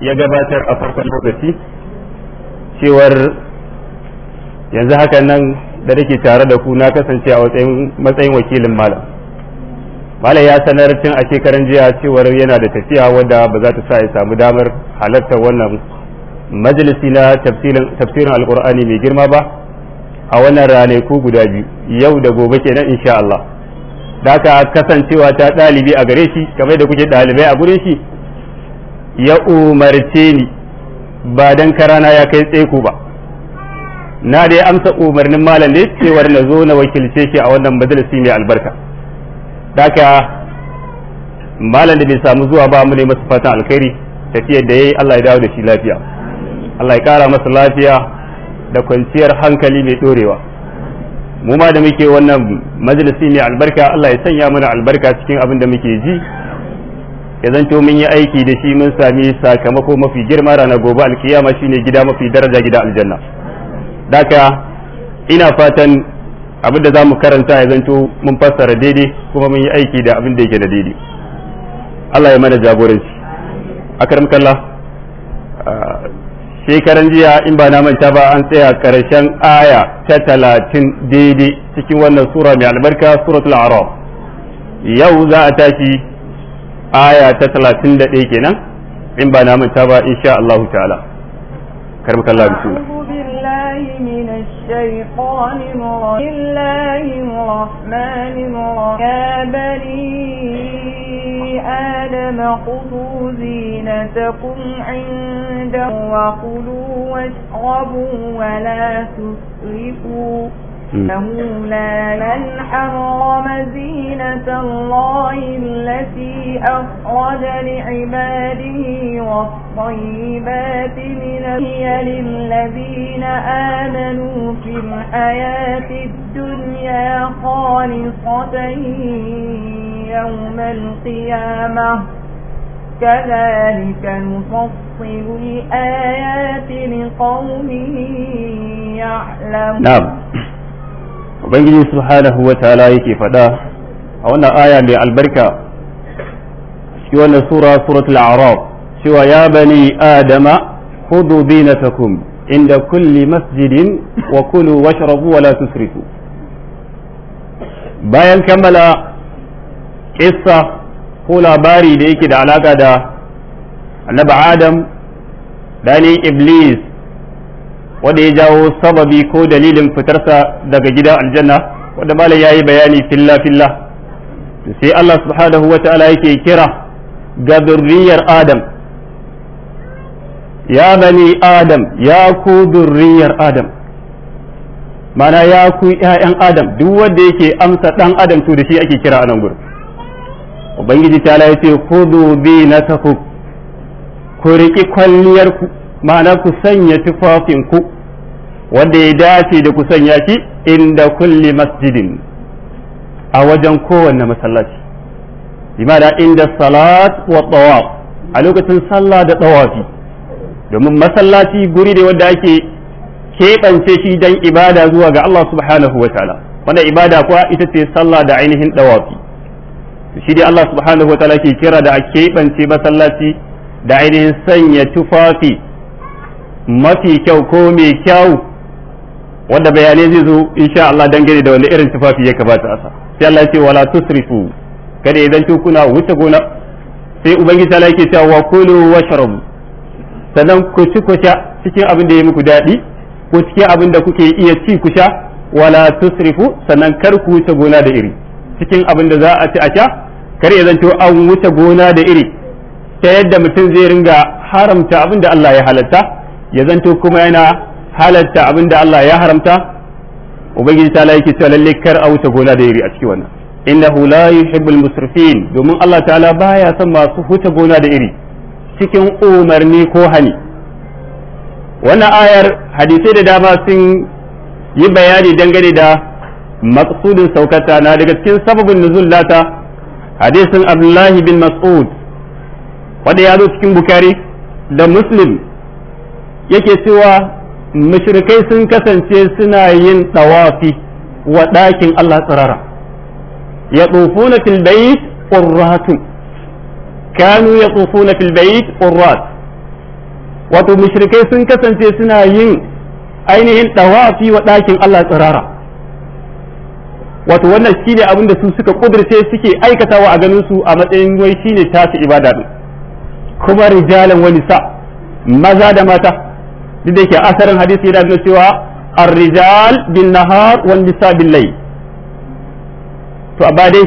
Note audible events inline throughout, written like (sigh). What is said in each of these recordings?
ya gabatar a farkon lokaci cewar yanzu haka nan da nake tare da ku na kasance a matsayin wakilin malam malam ya sanar tun a shekaran jiya cewar yana da tafiya wadda ba za ta sa ya samu damar halartar wannan majalisi na tafsirin alkur'ani mai girma ba a wannan ranaku guda biyu yau da gobe kenan insha Allah da kasancewa ta ɗalibi a gare shi kamar da kuke ɗalibai a gure shi ya umarce ni ba dan karana ya kai tseku ba na dai amsa umarnin malam ne cewar na zo na wakilce shi a wannan majalisi mai albarka daga malam da bai samu zuwa ba mu ne masa fatan alkhairi tafiyar da yayi Allah ya dawo da shi lafiya Allah ya kara masa lafiya da kwanciyar hankali mai dorewa mu ma da muke wannan majalisi mai albarka Allah ya sanya mana albarka cikin abin da muke ji ya to mun yi aiki da shi mun sami sakamako mafi girma ranar gobe alkiyama shine gida mafi daraja gida aljanna daka ina fatan abin da zamu karanta ya to mun fassara daidai kuma mun yi aiki da abin da yake da daidai Allah ya mana jagoranci akaram kallah shekaran jiya in ba na manta ba an tsaya karshen aya ta talatin daidai cikin wannan sura mai albarka suratul araf yau za a tashi aya ta 31 kenan in ba na manta ba insha Allah ta'ala karmaka Allah bismillah من الشيطان الرجيم الله الرحمن الرحيم يا بني آدم خذوا زينتكم عنده وكلوا واشربوا ولا تسرفوا لولا من حرم زينة الله التي أخرج لعباده والطيبات من هي للذين آمنوا في الحياة الدنيا خالصة يوم القيامة كذلك نفصل الآيات لقوم يعلمون نعم ubangiji subhanahu wa ta'ala yake faɗa a wannan aya mai albarka cikin wannan sura suratul a'raf cewa ya bani adama khudhu binatakum inda kulli masjidin wa kulu washrabu wa la tusrifu bayan kammala kissa ko labari da yake da alaka da annabi adam dani iblis wanda ya jawo sababi ko dalilin fitarsa daga gidan aljanna wanda ya yayi bayani filla filla sai Allah subhanahu wa ta'ala yake kira ga durriyar Adam ya bani Adam ya ku durriyar Adam mana ya ku ‘ya'yan Adam duk wanda yake amsa dan Adam to da shi ake kira a gurin Ubangiji ta ya ce ku bi na ku riƙi kwalliyarku ma'ana ku sanya tufafinku wanda ya dace da ku sanya shi inda kulli masjidin a wajen kowanne masallaci bimana inda salat wa tawaf a lokacin sallah da tawafi domin masallaci guri ne wanda ake keɓance shi don ibada zuwa ga Allah subhanahu wa ta'ala wanda ibada kuwa ita ce sallah da ainihin tawafi shi dai Allah subhanahu wa ta'ala ke kira da a keɓance masallaci da ainihin sanya tufafi mafi kyau ko mai kyau wanda bayanai zai zo insha Allah dangane da wani irin tufafi ya kamata a sa sai Allah ya ce wala tusrifu kada idan kuna wuce gona sai ubangiji Allah yake cewa wa kulu washrabu sannan ku ci ku sha cikin abin da ya muku dadi ko cikin abin da kuke iya ci ku sha wala tusrifu sannan kar ku wuce gona da iri cikin abin da za a ci a sha kar ya zanto an wuce gona da iri ta yadda mutum zai ringa haramta abin da Allah ya halatta ya zanto kuma yana halatta abin da Allah ya haramta ubangiji ta yake cewa lalle kar a wuce gona da iri a cikin wannan innahu la yuhibbul musrifin domin Allah ta'ala baya son masu huta gona da iri cikin umarni ko hani wannan ayar hadisai da dama sun yi bayani dangane da maqsudin saukata na daga cikin sababin nuzul lata hadisin Abdullahi bin Mas'ud wanda ya zo cikin Bukhari da Muslim yake cewa mushrikai sun kasance suna yin tawafi wa ɗakin Allah tsirara ya tsofuna fil bayit qurratun kanu ya tsofuna fil bayit qurrat wato mushrikai sun kasance suna yin ainihin tawafi wa ɗakin Allah tsirara wato wannan shi ne abinda su suka kudurce suke aikatawa a ganin su a matsayin wai ne tasu ibada kuma rijalan wani sa maza da mata duk da yake asarin hadisi yana nuna cewa ar-rijal bin nahar wan nisa bil layl to amma dai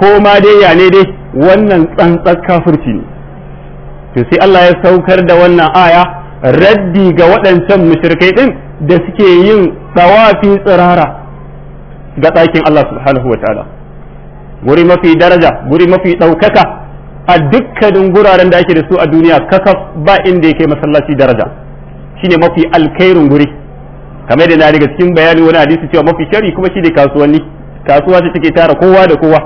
ko ma dai ya ne dai wannan tsantsar kafirci ne to sai Allah ya saukar da wannan aya raddi ga waɗancan mushrikai din da suke yin tawafi tsirara ga ɗakin Allah subhanahu wa ta'ala guri mafi daraja guri mafi ɗaukaka a dukkanin guraren da ake da su a duniya kakaf ba inda yake masallaci daraja shine mafi alkairin guri kamar da na daga cikin bayani wani hadisi cewa mafi shari kuma shine kasuwanni kasuwa ce take tara kowa da kowa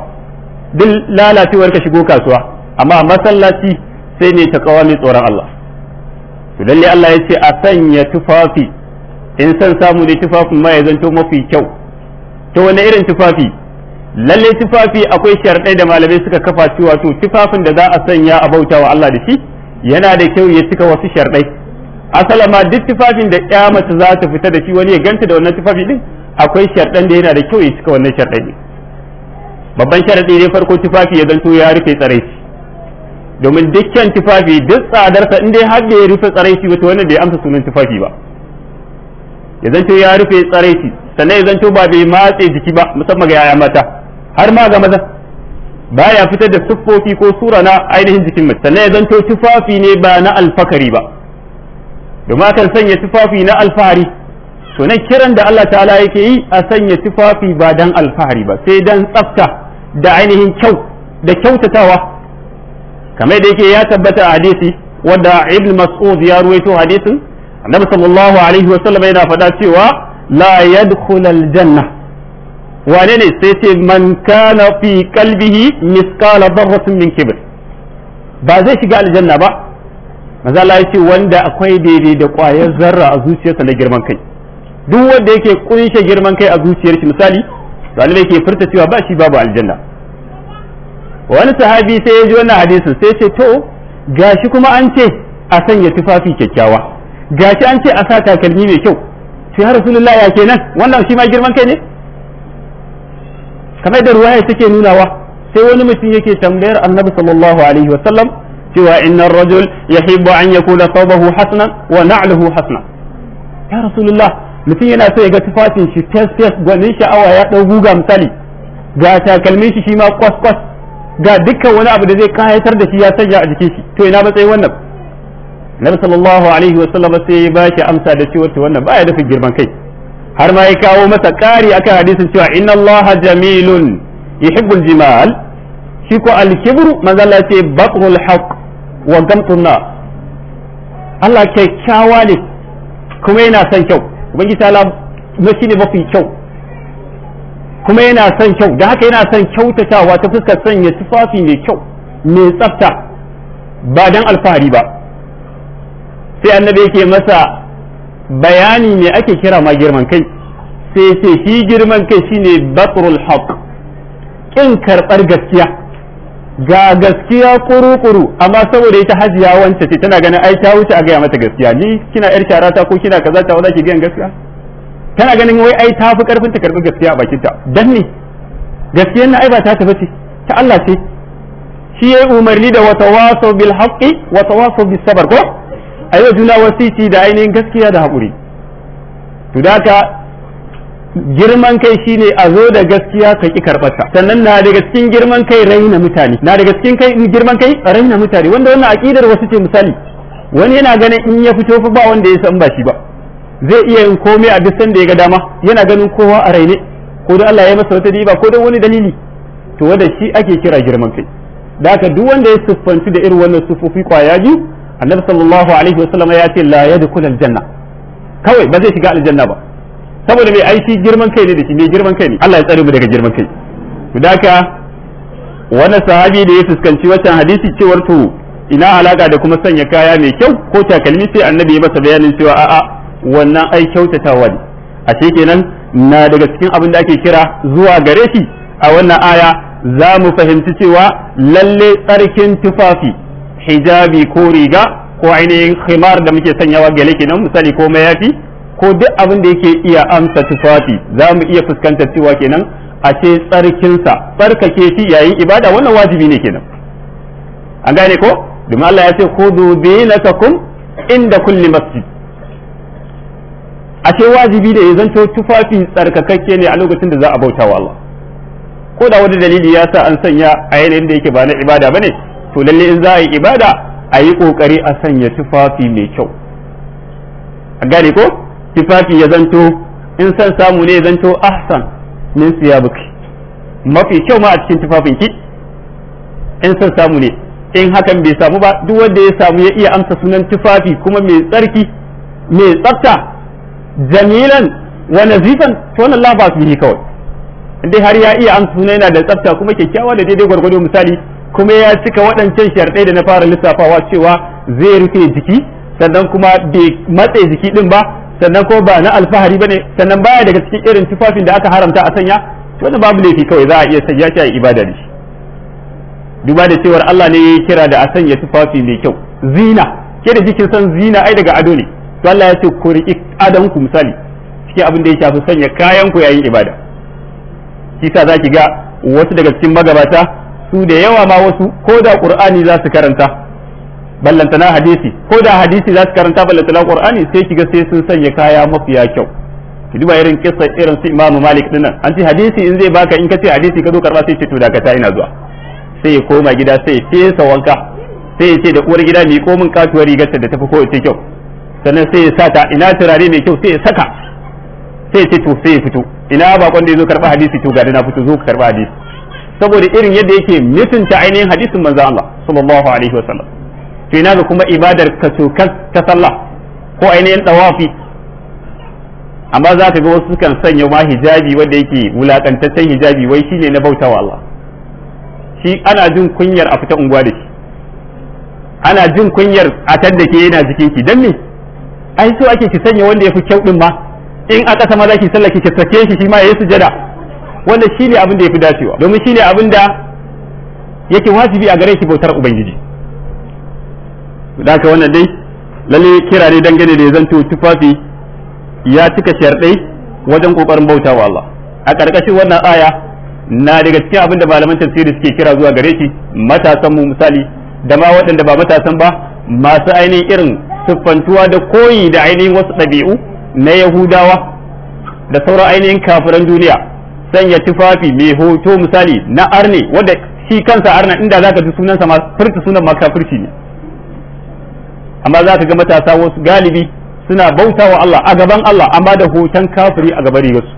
duk lalacewar ka shigo kasuwa amma masallaci sai ne ta kawo mai tsoron Allah to lalle Allah ya ce a sanya tufafi in san samu ne tufafin ma ya zanto mafi kyau to wani irin tufafi lalle tufafi akwai sharɗai da malamai suka kafa cewa to tufafin da za a sanya a bauta wa Allah da shi yana da kyau ya cika wasu sharɗai asala ma duk tufafin da ya mace za ta fita da shi wani ya ganta da wannan tufafi din akwai sharɗan da yana da kyau ya cika wannan sharɗan babban sharaɗi ne farko tufafi ya zanto ya rufe shi domin dukkan tufafi duk tsadarsa in dai har da ya rufe shi wata wannan bai amsa sunan tufafi ba ya zanto ya rufe shi sannan ya zanto ba bai matse jiki ba musamman ga yaya mata har ma ga maza baya fitar da siffofi ko sura na ainihin jikin mace sannan ya zanto tufafi ne ba na alfakari ba domin akan sanya tufafi na alfahari to nan kiran da Allah ta'ala yake yi a sanya tufafi ba dan alfahari ba sai dan tsafta da ainihin kyau da kyautatawa kamar da yake ya tabbata a hadisi wanda ibn mas'ud ya ruwaito hadisin annabi sallallahu alaihi wa sallam yana faɗa cewa la yadkhul janna wane ne sai ce man kana fi qalbihi misqala dharratin min kibr ba zai shiga aljanna ba maza Allah ya ce wanda akwai daidai da ƙwayar zarra a zuciyarsa na girman kai duk wanda yake kunshe girman kai a zuciyar shi misali wani yake furta cewa ba shi babu aljanna wani sahabi sai ya ji wannan hadisin sai ce to gashi kuma an ce a sanya tufafi kyakkyawa gashi an ce a sa takalmi mai kyau sai har rasulullahi ya kenan wannan shi ma girman kai ne kamar da ruwaya take nunawa sai wani mutum yake tambayar annabi sallallahu alaihi wa sallam. cewa innar rajul yahibbu an yakuna thawbahu hasnan wa na'luhu hasna ya rasulullah mutum yana so ya ga tufafin shi fes fes gwanin sha'awa ya dau guga misali ga takalmin shi shi ma kwas kwas ga dukkan wani abu da zai kayatar da shi ya sanya a jikin shi to ina matsayin wannan nabi sallallahu alaihi wa sallam sai ya bashi amsa da cewa to wannan baya dafa girman kai har ma ya kawo masa kari akan hadisin cewa inna allaha jamilun yuhibbul jimal shi ko al-kibru manzo Allah ya ce baqul haqq wa gamtun na Allah kyakkyawa ne kuma yana son kyau ubangiji ta kuma shi ne mafi kyau kuma yana son kyau da haka yana son kyautatawa ta fuskar sanya tufafi mai kyau mai tsafta ba dan alfahari ba sai annabi yake masa bayani ne ake kira ma girman kai sai sai shi girman kai shine batrul haqq kin karbar gaskiya ga gaskiya kuru-kuru amma saboda ita hajiya wance ce tana ganin ai ta wuce a gaya mata gaskiya ni kina yar sharata ko kina kaza ta wala ki gayan gaskiya tana ganin wai ai ta fi karfin ta karbi gaskiya a bakinta dan ne gaskiyar na ai ba ta tafi ce ta Allah ce shi yayi umarni da watawasu bil haqqi watawasaw bis sabr ko ayo juna wasiti da ainihin gaskiya da hakuri to da girman kai shine a zo da gaskiya ka ki karɓarta sannan na daga cikin girman kai raina mutane na daga cikin kai girman kai raina mutane wanda wannan aqidar wasu ce misali wani yana ganin in ya fito fa ba wanda ya san ba shi ba zai iya yin komai a duk da ya ga dama yana ganin kowa a raine ko don Allah ya masa wata diba ko don wani dalili to wanda shi ake kira girman kai da haka duk wanda ya siffanci da irin wannan sufufi kwaya biyu annabi sallallahu alaihi wasallam ya ce la yadkhulul janna kawai ba zai shiga aljanna ba saboda mai aiki girman kai ne da shi mai girman kai ne Allah ya tsare mu daga girman kai haka wani sahabi da ya fuskanci wancan hadisi cewar to ina alaka da kuma sanya kaya mai kyau ko takalmi sai annabi ya masa bayanin cewa a'a wannan ai kyautatawa ne ce kenan na daga cikin abin da ake kira zuwa gare shi a wannan aya za mu fahimci cewa lalle tsarkin tufafi hijabi ko riga ko ainihin khimar da muke sanyawa gale kenan misali ko mayafi ko duk abin da yake iya amsa tufafi za mu iya fuskantar cewa kenan a ce tsarkinsa tsarkake shi yayin ibada wannan wajibi ne kenan an gane ko domin Allah ya ce khudu zinatakum inda kulli masjid a ce wajibi da ya zanto tufafi tsarkakakke ne a lokacin da za a bauta wa Allah ko da wani dalili ya sa an sanya a yanayin da yake ba na ibada bane to lalle in za a yi ibada a yi kokari a sanya tufafi mai kyau an gane ko tufafi ya zanto in san samu ne ya zanto ahsan min siyabuki mafi kyau ma a cikin tufafin ki in san samu ne in hakan bai samu ba duk wanda ya samu ya iya amsa sunan tufafi kuma mai tsarki mai tsafta jamilan wa nazifan to wannan la ba yi kawai indai har ya iya amsa sunan yana da tsafta kuma kyakkyawa da daidai gwargwado misali kuma ya cika waɗancan sharɗai da na fara lissafawa cewa zai rufe jiki sannan kuma bai matse jiki din ba sannan ko ba na alfahari bane sannan baya daga cikin irin tufafin da aka haramta a sanya wannan babu laifi kawai za a iya sanya shi a ibada da shi duba da cewar Allah ne ya kira da a sanya tufafi mai kyau zina ke da jikin san zina ai daga ado ne to Allah ya ce ku riƙi adon ku misali cikin abin da ya shafi sanya kayan ku yayin ibada shi sa zaki ga wasu daga cikin magabata su da yawa ma wasu ko da qur'ani za su karanta ballantana hadisi ko da hadisi za su karanta ballantana qur'ani sai kiga sai sun sanya kaya mafiya kyau ki duba irin kissa irin su imamu malik dinnan an ce hadisi in zai baka in ka ce hadisi ka zo karba sai ce to da ta ina zuwa sai ya koma gida sai ya fesa wanka sai ya ce da uwar gida mi ko min katuwar rigarta da tafi kowace kyau sannan sai ya sa ta ina turare mai kyau sai ya saka sai ya ce to sai ya fito ina bakon da ya zo karba hadisi to gari na fito zo ka karba hadisi saboda irin yadda yake mutunta ainihin hadisin manzo Allah sallallahu alaihi wasallam fina da kuma ibadar kacokas ta sallah ko ainihin ɗawafi. amma za ka ga wasu sukan sanya ma hijabi wanda yake wulakantaccen hijabi wai shine na bautawa Allah shi ana jin kunyar a fita unguwa da shi ana jin kunyar a tadda ke yana jikin ki dan me ai so ake ki sanya wanda yafi kyau din ma in a ƙasa ma sallah ki sake shi shi ma yayi sujada wanda shi ne abin da yafi dacewa domin shi ne abin da yake wajibi a gare ki bautar ubangiji da ka wannan dai lalle kira ne dangane da zanto tufafi ya cika sharɗai wajen kokarin bautawa Allah a ƙarƙashin wannan aya na daga cikin abin da malaman tafsiri suke kira zuwa gare shi matasan mu misali da ma waɗanda ba matasan ba masu ainihin irin siffantuwa da koyi da ainihin wasu ɗabi'u na yahudawa da sauran ainihin kafiran duniya sanya tufafi mai hoto misali na arne wanda shi kansa arna inda zaka ji sunansa ma furta sunan ma kafirci ne amma za ka ga matasa wasu galibi suna bauta wa Allah a gaban Allah amma da hoton kafiri a gaban rigarsu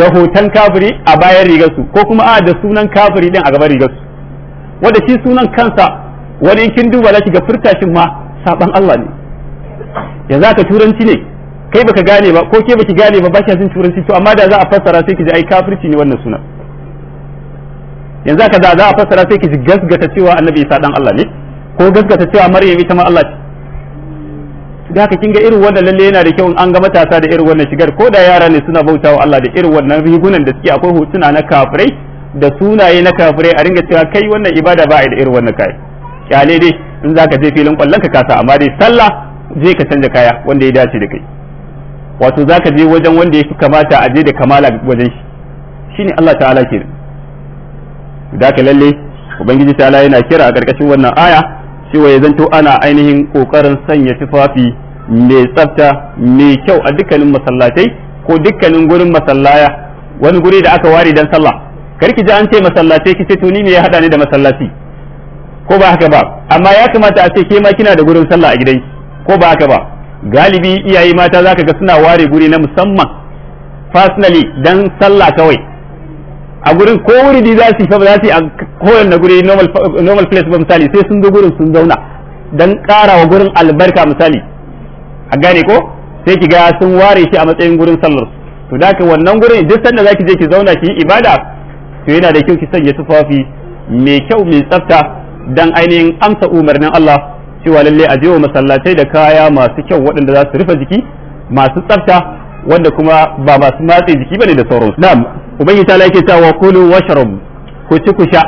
da hoton kafiri a bayan rigarsu ko kuma a da sunan kafiri din a gaban rigarsu wanda shi sunan kansa wani kin duba zaki ga furtashin ma saban Allah ne yanzu ka turanci ne kai baka gane ba ko ke baki gane ba ba ki jin turanci to amma da za a fassara sai ki ji ai kafirci ne wannan sunan yanzu ka za a fassara sai ki ji gasgata cewa annabi isa dan Allah ne ko gasgata cewa maryam ita ma Allah ce da ka kinga irin wannan lalle yana da kyau an ga matasa da irin wannan shigar ko da yara ne suna bautawa Allah da irin wannan rigunan da suke akwai hotuna na kafirai da sunaye na kafirai a ringa cewa kai wannan ibada ba a da irin wannan kai kyale dai in zaka je filin kwallon ka kasa amma dai sallah je ka canja kaya wanda ya dace da kai wato zaka je wajen wanda ya kamata a je da kamala wajen shi shine Allah ta'ala ke da ka lalle ubangiji ta'ala yana kira a karkashin wannan aya cewa ya zanto ana ainihin kokarin sanya tufafi mai tsafta mai kyau a dukkanin masallatai ko dukkanin gurin masallaya wani guri da aka ware dan sallah karki ji an ce masallatai kice to ni me ya hada ni da masallaci ko ba haka ba amma ya kamata a ce ke ma kina da gurin sallah a gidan ko ba haka ba galibi iyaye mata zaka ga suna ware guri na musamman personally dan sallah kawai a gurin ko wuridi za su yi fa za su yi a kowanne guri normal place ba misali sai sun zo gurin sun zauna don karawa wa gurin albarka misali a gane ko sai ki ga sun ware shi a matsayin gurin sallar to da wannan gurin duk sanda za ki je ki zauna ki yi ibada to yana da kyau ki sanya tufafi mai kyau mai tsafta dan ainihin amsa umarnin Allah cewa lalle a masallatai da kaya masu kyau waɗanda za su rufe jiki masu tsafta wanda kuma ba masu matse jiki bane da sauransu ubangi ta yake cewa kulu washrab ku ci ku sha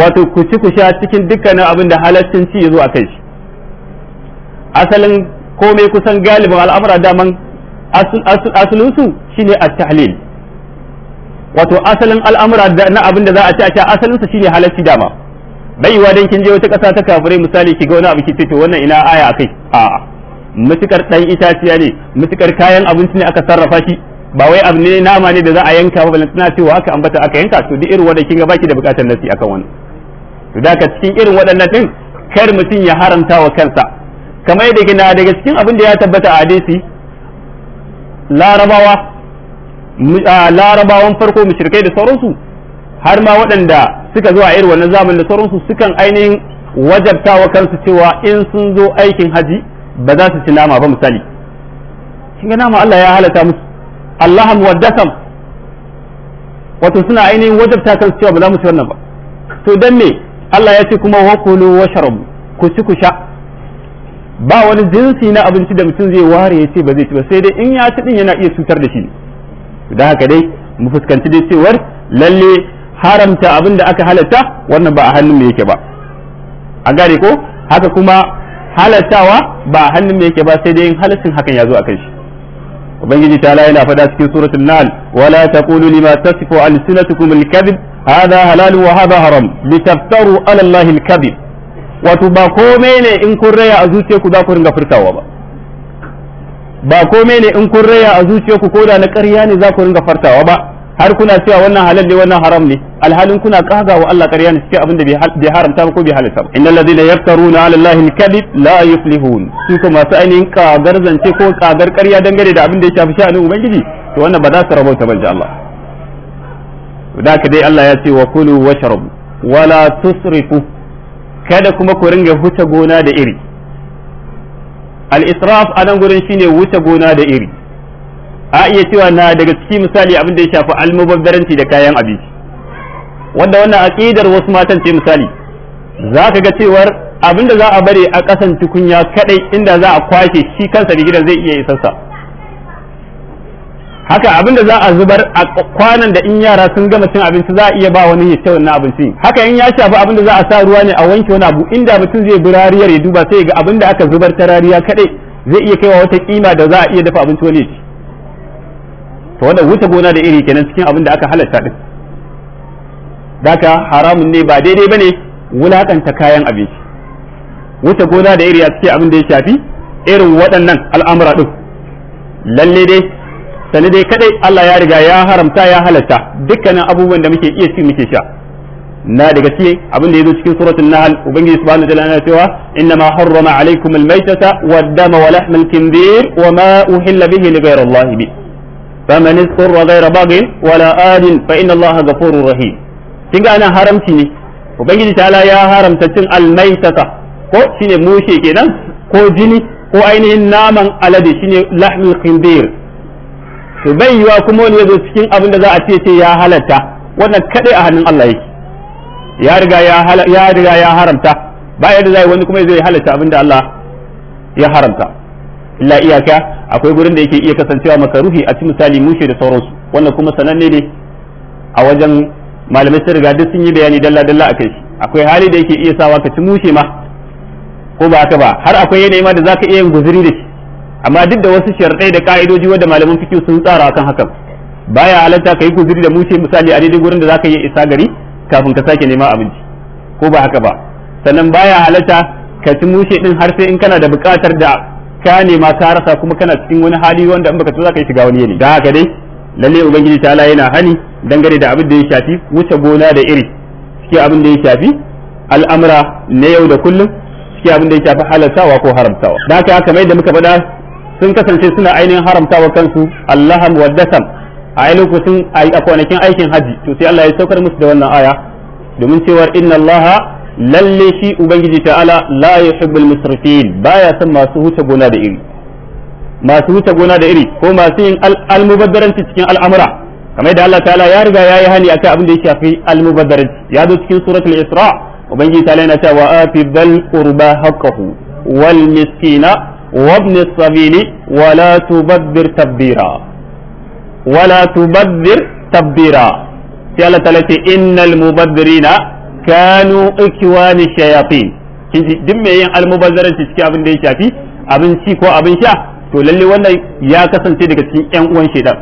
wato ku ci ku sha cikin dukkanin abin da halaccin ci yazo shi asalin komai kusan galibin al'amura daman asalin su shine at-tahlil wato asalin al'amura na abin da za a ci a sha asalin su shine halacci dama bai wa dan kin je wata kasa ta kafirai misali ki ga wani abu ki fito wannan ina aya akai a'a mutukar dan itaciya ne mutukar kayan abinci ne aka sarrafa shi ba wai abu ne nama ne da za a yanka ba balan tana cewa aka ambata aka yanka to duk irin wanda kin ga baki da bukatar nasi akan wannan to da ka cikin irin waɗannan din kar mutum ya haramta wa kansa kamar yadda kina daga cikin abin da ya tabbata a hadisi larabawa larabawan farko mushrikai da sauransu har ma waɗanda suka zo a irin wannan zamanin da sauransu sukan ainihin wajabta wa kansu cewa in sun zo aikin haji ba za su ci nama ba misali kin nama Allah ya halata musu Allah waddasam wato suna ainihin wajabta kan cewa ba za mu ci wannan ba to dan me Allah ya ce kuma wa kulu wa sharabu ku ci ku sha ba wani jinsi na abinci da mutum zai ware ya ce ba zai ci ba sai dai in ya ci din yana iya cutar da shi da haka dai mu fuskanci dai cewar lalle haramta abin da aka halatta wannan ba a hannun mu yake ba a gane ko haka kuma halattawa ba a hannun mu yake ba sai dai in halaccin hakan ya zo a kai shi ubangiji ta yana fada cikin suratul nahl wala taqulu lima tasifu alsinatukum alkadhib hadha halal wa hadha haram litaftaru ala allahi alkadhib wato ba komai ne in kun raya a zuciyarku za ku ringa furtawa ba ba komai ne in kun raya a zuciyarku koda na ƙarya ne za ku ringa fartawa ba har kuna cewa wannan halal ne wannan haram ne alhalin kuna kaga wa Allah ƙarya ne cikin abin da bai haramta ba ko bai halalta ba innal ladina yaftaruna ala allahi alkadib la yuflihun su ko masu ainihin kagar zance ko kagar ƙarya dangane da abin da ya shafi sha'anin ubangiji to wannan ba za su rabauta ba insha Allah da ka dai Allah ya ce wa kulu washrabu wala tusrifu kada kuma ku ringa huta gona da iri al-israf anan gurin shine wuce gona da iri a iya cewa na daga ciki misali abin da ya shafi almubabbaranci da kayan abinci wanda wannan aqidar wasu matan ce misali za ka ga cewar abin da za a bare a kasan tukunya kadai inda za a kwashe shi kansa gidan zai iya isarsa haka abin da za a zubar a kwanan da in yara sun gama cin abinci za a iya ba wani ya ce wannan abincin haka in ya shafi abin da za a sa ruwa ne a wanke wani abu inda mutum zai bi rariyar ya duba sai ga abin da aka zubar ta rariya kadai zai iya kaiwa wata kima da za a iya dafa abinci wani ya ci to wannan wuce gona da iri kenan cikin abin da aka halatta din daka haramun ne ba daidai bane wulakanta kayan abinci wuce gona da iri a cikin abin da ya shafi irin waɗannan al'amura din lalle dai sani dai kadai Allah ya riga ya haramta ya halatta dukkanin abubuwan da muke iya ci muke sha na daga cikin abin da zo cikin suratul nahl ubangiji subhanahu wa ta'ala cewa inna ma harrama alaykum al-maytata wad-dama wa lahmal khinzir wa ma uhilla bihi li ghayri Allah bihi faman istarra ghayra baghin wala adin fa inna allaha ghafurur rahim ana haramci ne ubangiji ta'ala ya haramta cin almaitata ko shine mushe kenan ko jini ko ainihin naman alade shine lahmul khindir to bai yiwa kuma wani yazo cikin abin da za a ce ya halatta wannan kadai a hannun Allah yake ya riga ya riga ya haramta ba yadda zai wani kuma zai halatta abin da Allah ya haramta illa iyaka akwai gurin da yake iya kasancewa makaruhi a ci misali mushe da sauransu wannan kuma sananne ne a wajen malamai sun riga duk sun yi bayani dalla dalla akai shi akwai hali da yake iya sawa ka ci mushe ma ko ba haka ba har akwai yanayi ma da zaka iya yin guzuri da shi amma duk da wasu sharadai da ka'idoji wanda malaman fikihu sun tsara akan hakan baya halatta ka yi guzuri da mushe misali a daidai gurin da zaka iya isa gari kafin ka sake neman abinci ko ba haka ba sannan baya halatta ka ci mushe din har sai in kana da buƙatar da ka nema ka rasa kuma kana cikin wani hali wanda in baka so zaka yi shiga wani yanayi da haka dai lalle ubangiji Allah yana hani dangare da abin da ya shafi wuce gona da iri cikin abin da ya shafi al'amura na yau da kullum cikin abin da ya shafi wa ko haramtawa da haka kamar yadda muka faɗa sun kasance suna ainihin haramtawa kansu Allahan wa dasam a ainihin sun a kwanakin aikin haji to sai Allah ya saukar musu da wannan aya domin cewar inna allaha lalle shi ubangiji ta'ala la yuhibbul musrifin baya son masu huce gona da iri masu huce gona da iri ko masu yin almubazzaranci cikin al'amura kamar yadda Allah ta'ala ya riga ya yi hani akan abin da ya shafi almubazzaranci ya zo cikin suratul isra ubangiji ta'ala yana cewa wa ati dal qurba haqqahu wal miskina wa ibn as-sabili wa la tubazzir tabdira wa la tubazzir tabdira innal kanu ikiwani shayatin duk mai yin almubazzaranci cikin abin da ya shafi abinci ko abin sha to lalle wannan ya kasance daga cikin yan uwan shedan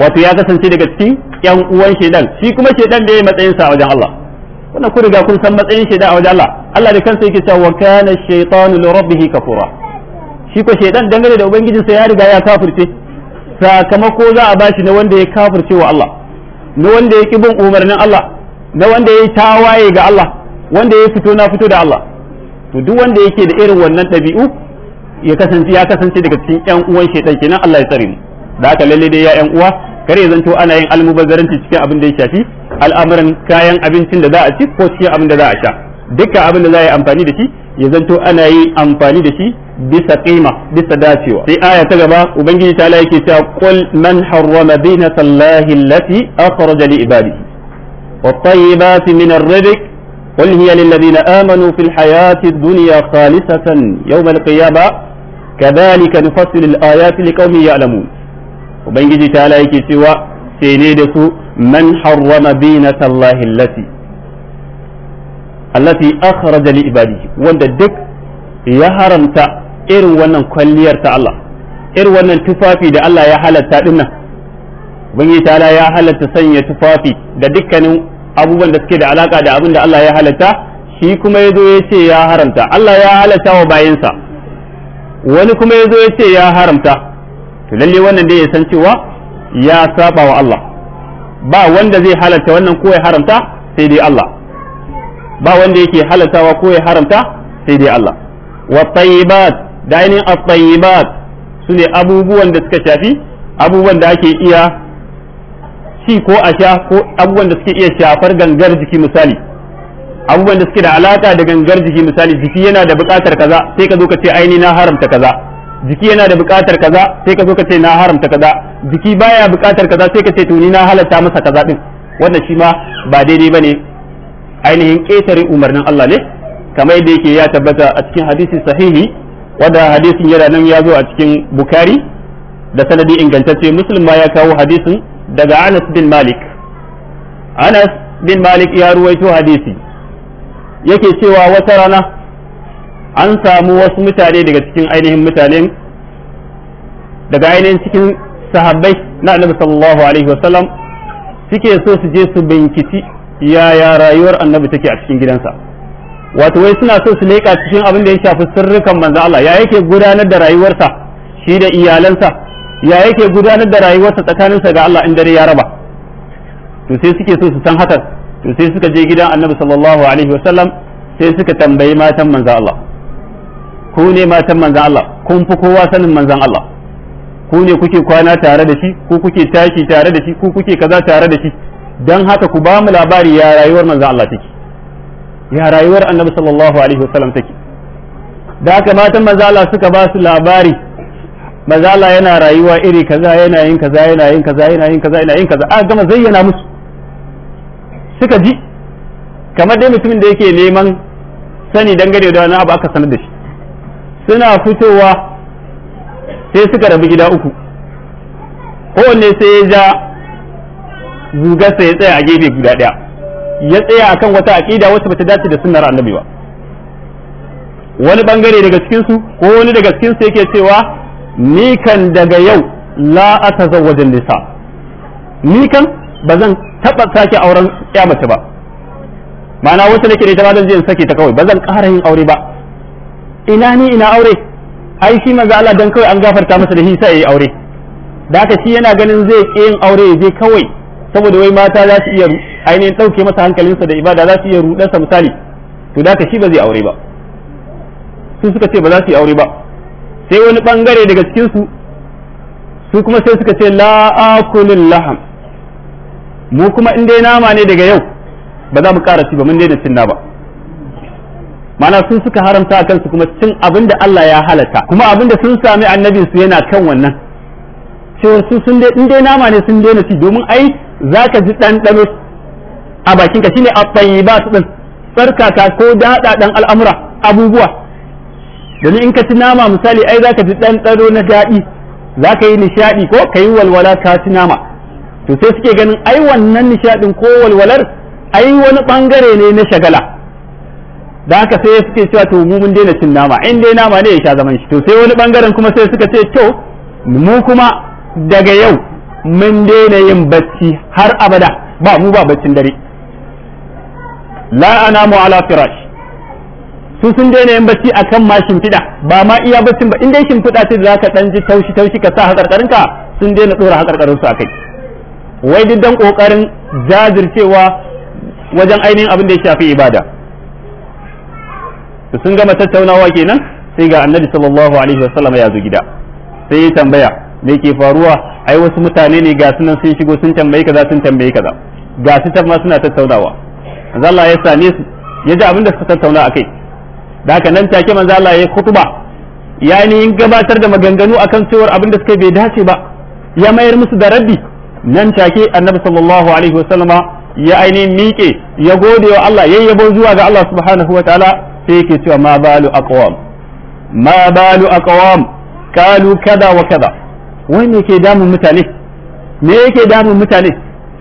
wato ya kasance daga cikin yan uwan shedan shi kuma shedan da ya matsayin sa wajen Allah wannan ku riga kun san matsayin shedan a wajen Allah Allah da kansa yake cewa wa kana shaytanu li rabbih kafura shi ko shedan dangane da ubangijinsa ya riga ya kafirce sakamako za a bashi na wanda ya kafirce wa Allah na wanda ya ki bin umarnin Allah na wanda ya yi tawaye ga Allah wanda ya fito na fito da Allah to duk wanda yake da irin wannan ɗabi'u ya kasance ya kasance daga cikin ƴan uwan shedan kenan Allah ya tsare mu da haka lalle dai ya ƴan uwa kar ya zanto ana yin almubazzaranci cikin abin da ya shafi al'amuran kayan abincin da za a ci ko cikin abin da za a sha duka abin da za a yi amfani da shi ya zanto ana yi amfani da shi bisa qima bisa dacewa sai aya ta gaba ubangiji ta yake cewa qul man harrama zinata sallahi allati akhraja li ibadihi والطيبات من الربك قل هي للذين آمنوا في الحياة الدنيا خالصة يوم القيامة كذلك نفصل الآيات لقوم يعلمون وبنجي تعالى يكي سوى سينيدك من حرم بينة الله التي التي أخرج لعباده وند الدك يهرمت إروانا ونن كلير الله إر تفافي دا الله يحالة تابنا وبنجي تعالى يحالت سنية تفافي دا دكنو abubuwan da suke da alaka da abin da Allah ya halatta shi kuma ya zo ya ce ya haramta Allah ya halatta wa bayansa wani kuma ya zo ya ce ya haramta to lalle wannan dai ya san cewa ya saba wa Allah ba wanda zai halatta wannan ko ya haramta sai dai Allah ba wanda yake halattawa ko ya haramta sai dai Allah wa tayyibat da ainihin at-tayyibat sune abubuwan da suka shafi abubuwan da ake iya ci ko a sha ko abubuwan da suke iya shafar gangar jiki misali abubuwan da suke da alaka da gangar jiki misali jiki yana da buƙatar kaza sai ka zo ka ce aini na haramta kaza jiki yana da buƙatar kaza sai ka zo ka ce na haramta kaza jiki baya buƙatar kaza sai ka ce to ni na halatta masa kaza din wannan shi ma ba daidai bane ainihin ƙetare umarnin Allah ne kamar yadda yake ya tabbata a cikin hadisi sahihi wanda hadisin yana nan ya zo a cikin bukari da sanadi ingantacce muslim ma ya kawo hadisin daga Anas bin Malik Anas bin Malik ya ruwaito hadisi yake cewa wata rana an samu wasu mutane daga cikin ainihin mutanen daga ainihin cikin sahabbai na annabi sallallahu alaihi wasallam suke so su je su binciki yaya rayuwar annabi take a cikin gidansa wato wai suna so su leƙa cikin abin da ya shafi sirrukan manzo Allah ya yake gudanar da rayuwarsa shi da iyalansa ya yake gudanar da rayuwarsa tsakaninsa ga Allah in dare ya raba to sai suke so su san hakan to sai suka je gidan annabi sallallahu alaihi wasallam sai suka tambayi matan manzan Allah ku ne matan manzan Allah kun fi kowa sanin manzan Allah ku ne kuke kwana tare da shi ku kuke tashi tare da shi ku kuke kaza tare da shi dan haka ku ba mu labari ya rayuwar manzan Allah take ya rayuwar annabi sallallahu alaihi wasallam take da haka matan manzan Allah suka ba su labari mazala yana rayuwa iri kaza yana yin kaza yana yin kaza yana yin kaza yana yin kaza a gama zayyana musu suka ji kamar dai mutumin da yake neman sani dangane da wani abu aka sanar da shi suna fitowa sai suka rabu gida uku kowanne sai ya ja zugarsa ya tsaya a gefe guda daya ya tsaya akan wata aƙida wacce bata dace da sunnar annabi ba wani bangare daga cikinsu ko wani daga cikinsu yake cewa ni kan daga yau la atazawwajun nisa ni kan ba zan taba sake auren ya mace ba ma'ana wata nake da ta ba zan je in sake ta kawai ba zan ƙara yin aure ba ina ni ina aure ai shi maza Allah dan kawai an gafarta masa da shi sai yayi aure da haka shi yana ganin zai yin aure ya je kawai saboda wai mata za su iya ainihin ɗauke masa hankalinsa da ibada za su iya ruɗarsa misali to da haka shi ba zai aure ba su suka ce ba za su yi aure ba sai wani bangare daga cikin su su kuma sai suka ce la akulul laham mu kuma in nama ne daga yau ba za mu ƙara ci ba mun daina cin ba mana sun suka haramta a kansu kuma cin abin da Allah ya halatta kuma abin da sun sami annabin su yana kan wannan cewa su sun dai in nama ne sun daina ci domin ai zaka ji ɗanɗano a bakin ka shine a tsayi ba su ɗin tsarkaka ko daɗaɗan al'amura abubuwa domin in ka ci nama misali ai zaka ji ɗanɗano na daɗi zaka yi nishaɗi ko ka walwala ka ci nama to sai suke ganin ai wannan nishaɗin ko walwalar ai wani ɓangare ne na shagala da haka sai suke cewa to mu mun daina cin nama in dai nama ne ya sha zaman shi to sai wani bangaren kuma sai suka ce to mu kuma daga yau mun daina yin bacci har abada ba mu ba baccin dare la anamu ala firash su sun daina yin bacci akan ma shimfiɗa ba ma iya baccin ba inda dai shimfiɗa ce da zaka dan ji taushi taushi ka sa hakarkarin ka sun daina dora hakarkarin su akai wai duk dan kokarin jajircewa wajen ainihin abin da ya shafi ibada su sun gama tattaunawa kenan sai ga annabi sallallahu alaihi wasallam ya zo gida sai ya tambaya me ke faruwa ai wasu mutane ne ga sunan sun shigo sun tambayi kaza sun tambayi kaza ga su ma suna tattaunawa Allah ya same su ya ji abin da suka tattauna akai da haka nan take manzo Allah ya khutba ya yin gabatar da maganganu akan cewar abin da suka bai dace ba ya mayar musu da rabbi nan take annabi sallallahu alaihi wasallama ya ainihin miƙe ya gode wa Allah ya yabo zuwa ga Allah subhanahu wataala sai yake cewa ma balu aqwam ma balu aqwam kalu kada wa kada wai me ke damun mutane me yake damun mutane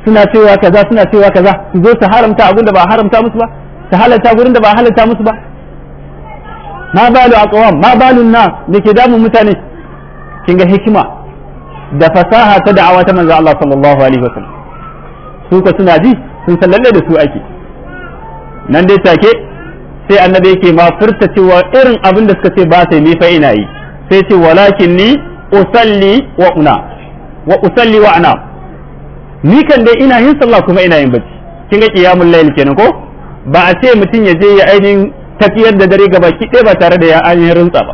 suna cewa kaza suna cewa kaza su zo su haramta abin da ba haramta musu ba su halalta gurin da ba halalta musu ba ma balu tsawon ma balu na da ke damun mutane kin ga hikima da fasaha ta da'awa ta manzo Allah sallallahu alaihi wasallam su ka suna ji sun san lalle da su ake nan dai take sai annabi yake ma furta cewa irin abin da suka ce ba sai ni fa ina yi sai ce walakin ni usalli wa una wa usalli wa ana ni kan dai ina yin sallah kuma ina yin bacci kin ga qiyamul layl kenan ko ba a ce mutum ya je ya ainihin tafiyar da dare gaba ki ɗaya ba tare da ya ainihin rintsa ba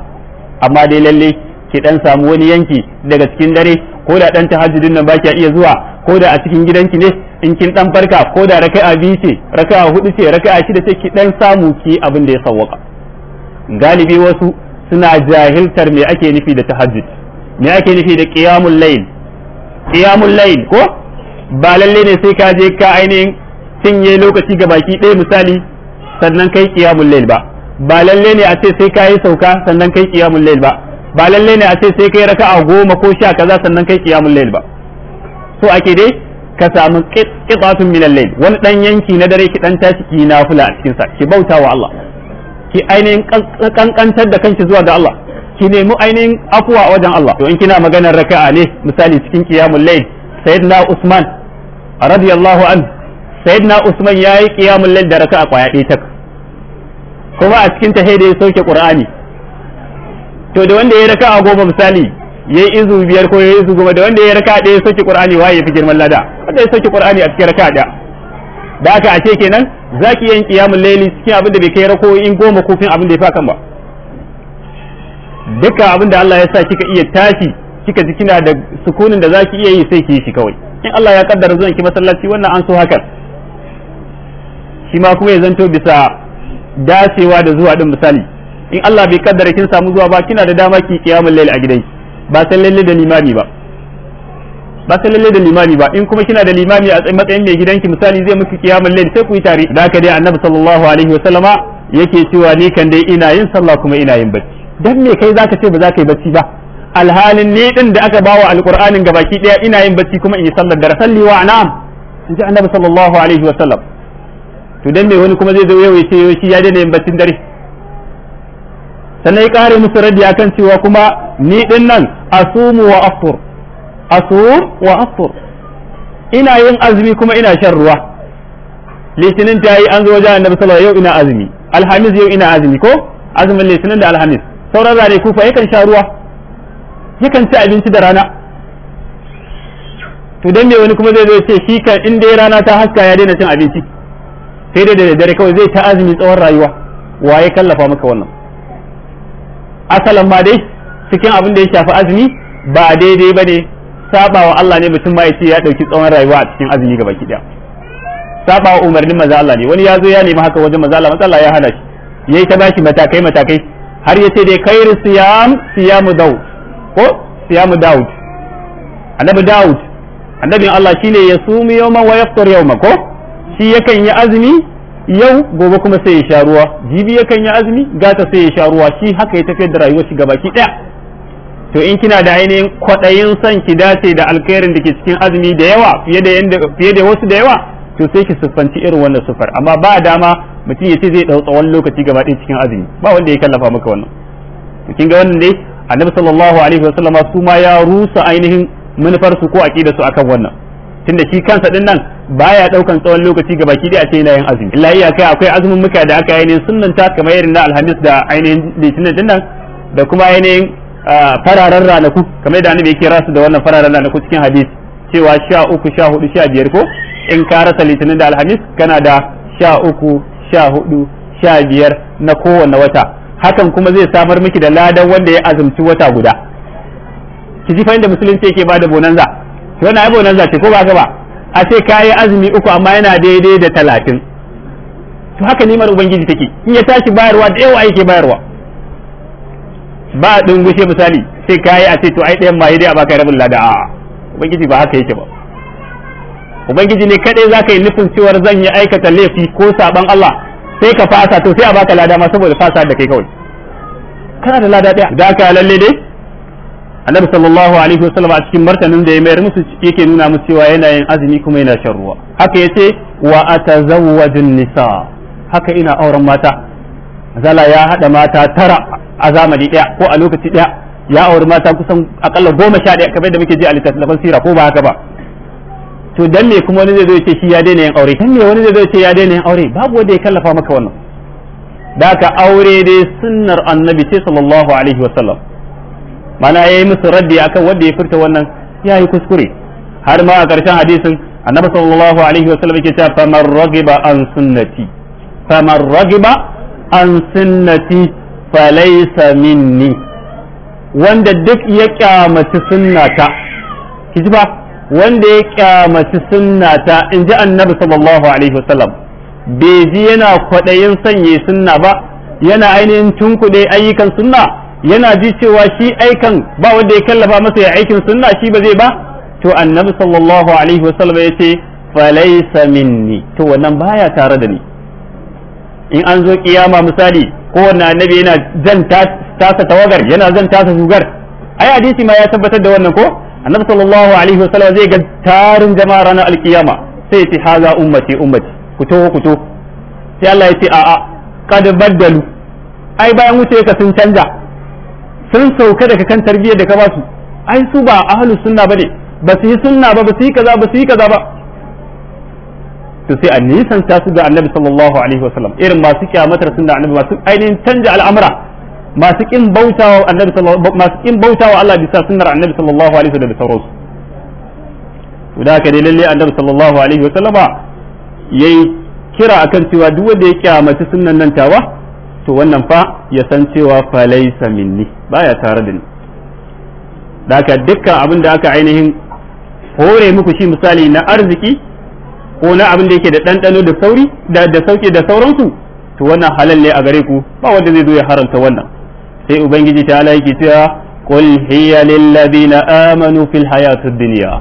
amma dai lalle ki dan samu wani yanki daga cikin dare ko da dan tahajjudin nan ba iya zuwa ko da a cikin gidanki ne in kin dan farka ko da raka'a biyu ce raka'a hudu ce raka'a shida ce ki dan samu ki abin da ya sawwaka galibi wasu suna jahiltar me ake nufi da tahajjud me ake nufi da qiyamul layl qiyamul layl ko ba lalle ne sai ka je ka ainihin cinye lokaci ga baki ɗaya misali sannan kai kiyamul lail ba ba lalle ne a ce sai kai sauka sannan kai kiyamul lail ba ba lalle ne a ce sai kai raka'a goma ko sha kaza sannan kai kiyamun lail ba so ake dai ka samu qit'atun min al wani dan yanki na dare ki dan tashi ki nafila a cikin sa ki bauta wa Allah ki ainihin kankantar da kanki zuwa ga Allah ki nemi ainihin afuwa a wajen Allah to in kina maganar raka'a ne misali cikin kiyamul lail sayyidina Usman radiyallahu anhu sayyidina usman yi qiyamul lail da raka'a kwaya ɗaya tak kuma a cikin ta da ya soke qur'ani to da wanda ya raka'a goma misali yayi izu biyar ko yayi izu goma da wanda ya raka'a ɗaya soke qur'ani waye fi girman lada wanda ya soke qur'ani a cikin raka'a ɗaya da aka a ce kenan zaki yin qiyamul lail cikin abin da bai kai rako'in goma ko fin abin da ya fa kan ba duka abin da Allah ya sa kika iya tashi kika ji kina da sukunin da zaki iya yi sai ki yi shi kawai in Allah ya kaddara zuwan ki masallaci wannan an so hakan shi ma kuma ya zanto bisa dacewa da zuwa din misali in Allah bai kaddara kin samu zuwa ba kina da dama ki kiyamul layl a gidai ba san lalle da limami ba ba san lalle da limami ba in kuma kina da limami a matsayin mai gidanki misali zai miki kiyamul layl sai ku yi tare da ka dai annabi sallallahu alaihi wa sallama yake cewa ni kan dai ina yin sallah kuma ina yin bacci dan me kai zaka ce ba za ka yi bacci ba alhalin ne din da aka bawa alqur'anin gabaki daya ina yin bacci kuma in yi sallar da rasalli wa na'am inji annabi sallallahu alaihi wa sallam to dan me wani kuma zai zo yau ya ce shi ya daina yin baccin dare sannan ya kare musu radi akan cewa kuma ni din nan asumu wa aftur asum wa aftur ina yin azumi kuma ina shan ruwa litinin ta yi an zo wajen annabi sallallahu yau ina azumi alhamis yau ina azumi ko azumin litinin da alhamis sauran rane kufa yakan sha ruwa yakan ci abinci da rana to dan me wani kuma zai zo ya ce shi kan in dai rana ta haska ya daina cin abinci sai dai da dare kawai zai ta azumi tsawon rayuwa waye kallafa maka wannan asalin ma dai cikin abin da ya shafi azumi ba daidai ba ne saba Allah ne mutum ma ya ce ya ɗauki tsawon rayuwa a cikin azumi gaba baki daya saba wa umarnin maza Allah ne wani ya zo ya nemi haka wajen maza Allah matsala ya hana shi yayi ta bashi matakai matakai har ya ce dai khairu siyam siyamu daud ko siyamu daud annabi daud annabin Allah shine ya sumi yawman wa yaftar yawma ko shi yakan yi azumi yau gobe kuma sai ya sha ruwa jibi yakan yi azumi gata sai ya sha ruwa shi haka ya tafiyar da rayuwar shi gabaki daya to in kina da ainihin kwaɗayin son ki dace da alkhairin da ke cikin azumi da yawa fiye da yanda fiye da wasu da yawa to sai ki siffanci irin wannan sufar amma ba dama mutum ya ce zai dau tsawon lokaci gaba ɗaya cikin azumi ba wanda ya kallafa maka wannan to kin ga wannan dai annabi sallallahu alaihi wasallam su ma ya rusa ainihin manufar su ko ƙida su akan wannan tunda shi kansa din nan baya daukan tsawon lokaci ga baki dai a ce yin azumi illa kai akwai azumin muka da aka ainihin sunnanta kamar irin na alhamis da ainihin litinin din nan da kuma ainihin fararen ranaku kamar da annabi yake rasu da wannan fararen ranaku cikin hadisi cewa sha uku sha hudu sha biyar ko in ka rasa litinin da alhamis kana da sha uku sha hudu sha biyar na kowanne wata hakan kuma zai samar miki da ladan wanda ya azumci wata guda ki ji fahimta musulunci yake da bonanza wannan abu nan zace ko ba ka ba a ce kayi azumi uku amma yana daidai da talatin to haka nimar ubangiji take in ya tashi bayarwa da yawa yake bayarwa ba a dungushe misali sai kayi a ce to ai ɗayan ma dai a baka rabin lada a'a ubangiji ba haka yake ba ubangiji ne kadai zaka yi nufin cewar zan yi aikata laifi ko saban Allah sai ka fasa to sai a baka lada ma saboda fasa da kai kawai kana da lada da ka lalle dai annabi sallallahu alaihi wa wasallam a cikin martanin da ya mayar musu yake nuna musu cewa yana yin azumi kuma yana shan ruwa haka yace wa atazawwajun nisa haka ina auren mata zala ya hada mata tara a zamani daya ko a lokaci daya ya auri mata kusan akalla goma sha daya kamar da muke ji a littattafan sira ko ba haka ba to dan me kuma wani zai zo ya ce shi ya daina yin aure dan me wani zai zo ya ce ya daina yin aure babu wanda ya kallafa maka wannan da ka aure dai sunnar annabi ce sallallahu alaihi wa wasallam mana yayi musu raddi akan wanda ya furta wannan yayi kuskure har ma a ƙarshen hadisin annabi sallallahu alaihi wasallam yake cewa faman ragiba an sunnati faman ragiba an sunnati laysa minni wanda duk ya kyamaci sunnata kiji ba wanda ya kyamaci sunnata in ji annabi sallallahu alaihi wasallam bai ji yana kwaɗayin sanye sunna ba yana ainihin tunkuɗe ayyukan sunna yana ji cewa shi aikan ba wanda ya kallafa masa ya aikin sunna shi ba zai ba to annabi sallallahu alaihi wasallam ya ce falaisa minni to wannan baya tare da ni in an zo kiyama misali kowanne annabi yana jan tasa tawagar yana jan tasa sugar ai hadisi ma ya tabbatar da wannan ko annabi sallallahu alaihi wasallam zai ga tarin jama'a ranar alkiyama sai ce haza ummati ummati kuto kuto sai Allah ya ce a'a kad baddalu ai bayan wuce ka sun canza sun sauka daga kan tarbiyyar da ka basu ai su ba ahlu sunna bane ba su yi sunna ba ba su yi kaza ba su yi kaza ba to sai a ta su ga annabi sallallahu alaihi wasallam irin masu kyamatar sunna annabi masu ainihin canja al'amura masu kin bautawa annabi sallallahu masu kin bautawa Allah bisa sunnar annabi sallallahu alaihi wasallam da sauransu to da haka dai lalle annabi sallallahu alaihi wasallama yayi kira akan cewa duk wanda ya kyamaci sunnan nan tawa to wannan fa ya san cewa fa laysa minni baya tare da ni daga dukkan abin da aka ainihin hore muku shi misali na arziki ko na abin da yake da ɗanɗano da sauri da da sauki da sauransu to wannan halal ne a gare ku ba wanda zai zo ya haranta wannan sai ubangiji ta ala yake cewa qul hiya lil ladina amanu fil hayatid dunya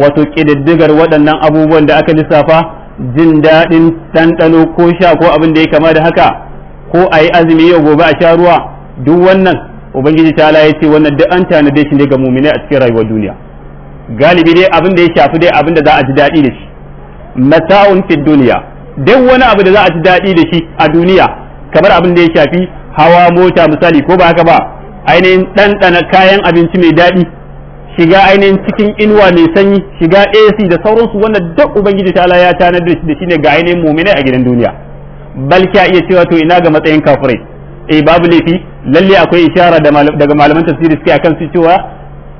wato kididdigar waɗannan abubuwan da aka lissafa jin daɗin ɗanɗano ko sha ko abin da ya kama da haka ko a yi azumi yau gobe a sha ruwa duk wannan ubangiji ta ya ce wannan duk an tanade shi ne ga mumine a cikin rayuwar duniya galibi dai abin da ya shafi dai abin da za a ji daɗi da shi mata'un fi duniya duk wani abu da za a ji daɗi da shi a duniya kamar abin da ya shafi hawa mota misali ko ba haka ba ainihin ɗanɗana kayan abinci mai daɗi shiga ainihin cikin inuwa mai sanyi shiga AC da sauransu wanda duk ubangiji ta ya tanar da shi ne ga ainihin mu'minai a gidan duniya balki a iya cewa to ina ga matsayin kafirai eh babu laifi lalle akwai ishara daga malaman tafsiri suke akan su cewa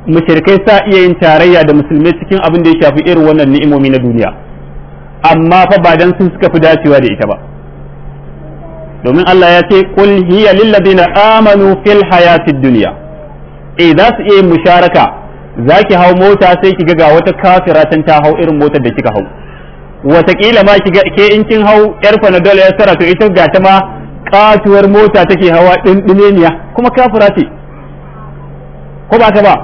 mushrikai sa iya yin tarayya da musulmai cikin abin da ya shafi irin wannan ni'imomi na duniya amma fa ba dan sun suka fi dacewa da ita ba domin Allah ya ce kul hiya lil ladina amanu fil hayatid dunya eh za su iya yin musharaka za ki hau mota sai ki ga wata kafira tan ta hau irin motar da kika hau wataƙila ma ki ke in kin hau yar fanadol ya sara to ita ga ta ma katuwar mota take hawa dindineniya kuma kafira ce ko ba ka ba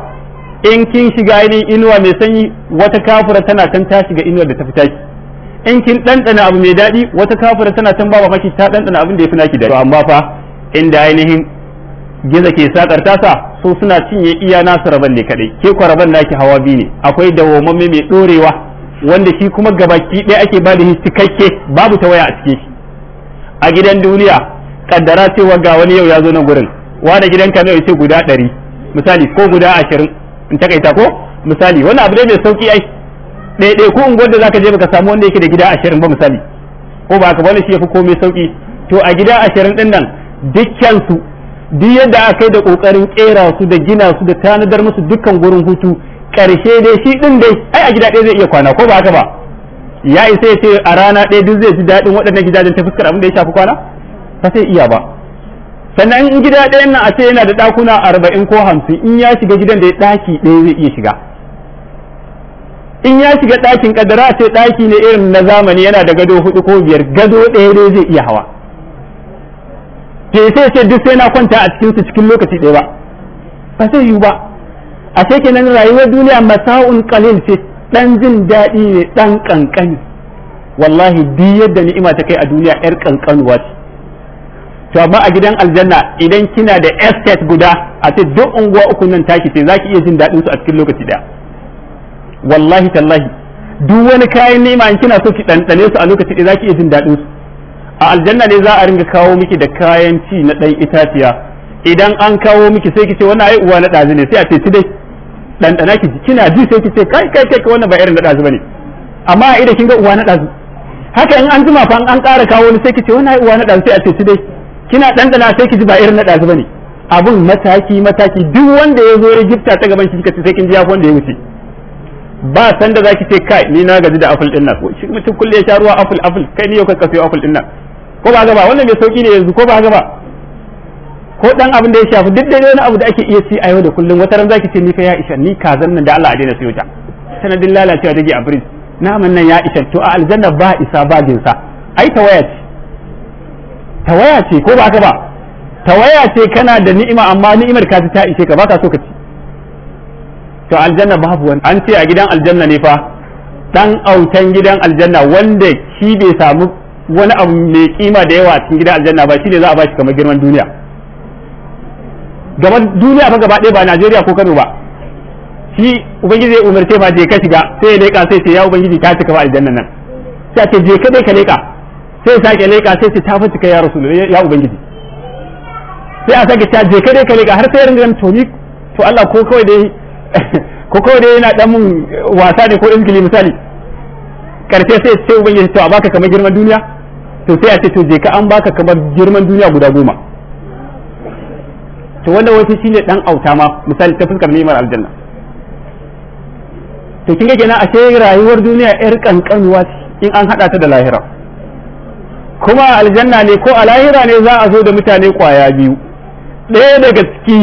in kin shiga ainihin inuwa mai sanyi wata kafira tana tan ta shiga inuwa da ta fita ki in kin dandana abu mai daɗi wata kafira tana tan ba mamaki ta dandana abin da ya fi naki daɗi amma fa inda ainihin giza ke sakar tasa su suna cinye iya nasu rabon ne kadai ke kwa rabon naki hawa biyu ne akwai dawwamamme mai dorewa wanda shi kuma gabaki ɗaya ake ba da cikakke babu ta waya a shi a gidan duniya kaddara cewa ga wani yau ya zo nan gurin wani gidan ka mai ce guda ɗari misali ko guda ashirin in takaita ko misali wani abu ne mai sauki ai ɗaya-ɗaya ko unguwar da zaka je baka samu wanda yake da gida ashirin ba misali ko ba ka bani shi ya fi komai sauki to a gida ashirin ɗin nan dukkan su duk yadda aka yi da kokarin kera su da gina su da tanadar musu dukkan gurin hutu karshe dai shi din dai ai a gida ɗaya zai iya kwana ko ba haka ba ya isa ya ce a rana ɗaya duk zai ji daɗin waɗannan gidajen ta fuskar abin da ya shafi kwana ba sai iya ba sannan in gida ɗayan nan a ce yana da ɗakuna arba'in ko hamsin in ya shiga gidan da ya ɗaki ɗaya zai iya shiga in ya shiga ɗakin kadara a ce ɗaki ne irin na zamani yana da gado hudu ko biyar gado ɗaya dai zai iya hawa bai sai ce duk sai na kwanta a cikin su cikin lokaci ɗaya ba ba zai yiwu ba a kenan rayuwar duniya masa'un qalil ce dan jin daɗi ne dan kankani wallahi duk yadda ni'ima ta kai a duniya yar kankanuwa ce to amma a gidan aljanna idan kina da estate guda a ce duk unguwa uku nan taki ce zaki iya jin daɗin su a cikin lokaci ɗaya wallahi tallahi duk wani kayan nema in kina so ki ɗanɗane su a lokaci ɗaya zaki iya jin daɗin su a aljanna ne za a ringa kawo miki da kayan ci na ɗan itaciya idan an kawo miki sai kice wannan ai uwa na ɗazu ne sai a ce ci dai ɗanɗana ki kina ji sai kice kai kai kai wannan ba irin na ɗazu bane amma idan kin ga uwa na ɗazu haka in an jima fa an ƙara kawo ni sai kice wannan ai uwa na ɗazu sai a ce ci dai kina ɗanɗana sai kici ba irin na ɗazu bane abun mataki mataki duk wanda ya zo ya gifta ta gaban shi, kika sai kin ji ya wanda ya wuce ba san da zaki ce kai ni na gaji da apple din nan shi mutum kulle ya sha ruwa apple apple kai ni yau kai ka sayo apple din nan ko ba gaba wannan mai sauki ne yanzu ko ba gaba ko dan abin da ya shafi duk da wani abu da ake iya ci a yau da kullum wata ran zaki ce ni fa ya isha ni kazan nan da Allah a daina sayo ta sanadin lalacewa take a fridge naman nan ya isha to a aljanna ba isa ba jinsa ai tawaya ce tawaya ce ko ba haka ba tawaya ce kana da ni'ima amma ni'imar ka ta ishe ka baka so ka ci to aljanna babu wani an ce a gidan aljanna ne fa dan autan gidan aljanna wanda shi bai samu wani abu mai kima da yawa cikin gidan aljanna ba shi ne za a bashi kamar girman duniya gaban duniya fa gaba ɗaya ba Najeriya ko Kano ba shi ubangiji zai umarce ma je ka shiga sai ya leka sai ce ya ubangiji ka cika ba aljanna nan sai a ce je ka dai ka leka sai sake leka sai ce ta fa ya rasul ya ubangiji sai a sake ta je ka dai ka leka har sai ya ringa to ni to Allah ko kawai dai (laughs) ko kawai dai yana dan mun wasa ne ko iskili misali karshe sai sai ubangiji to a baka kamar girman duniya to sai a ce to je ka an baka kamar girman duniya guda goma to wanda wasu shine dan auta ma misali ta fuskar neman aljanna to kin ga kenan ashe rayuwar duniya yar kankanuwa in an hada ta da lahira kuma aljanna ne ko a lahira ne za a zo da mutane kwaya biyu ɗaya daga ciki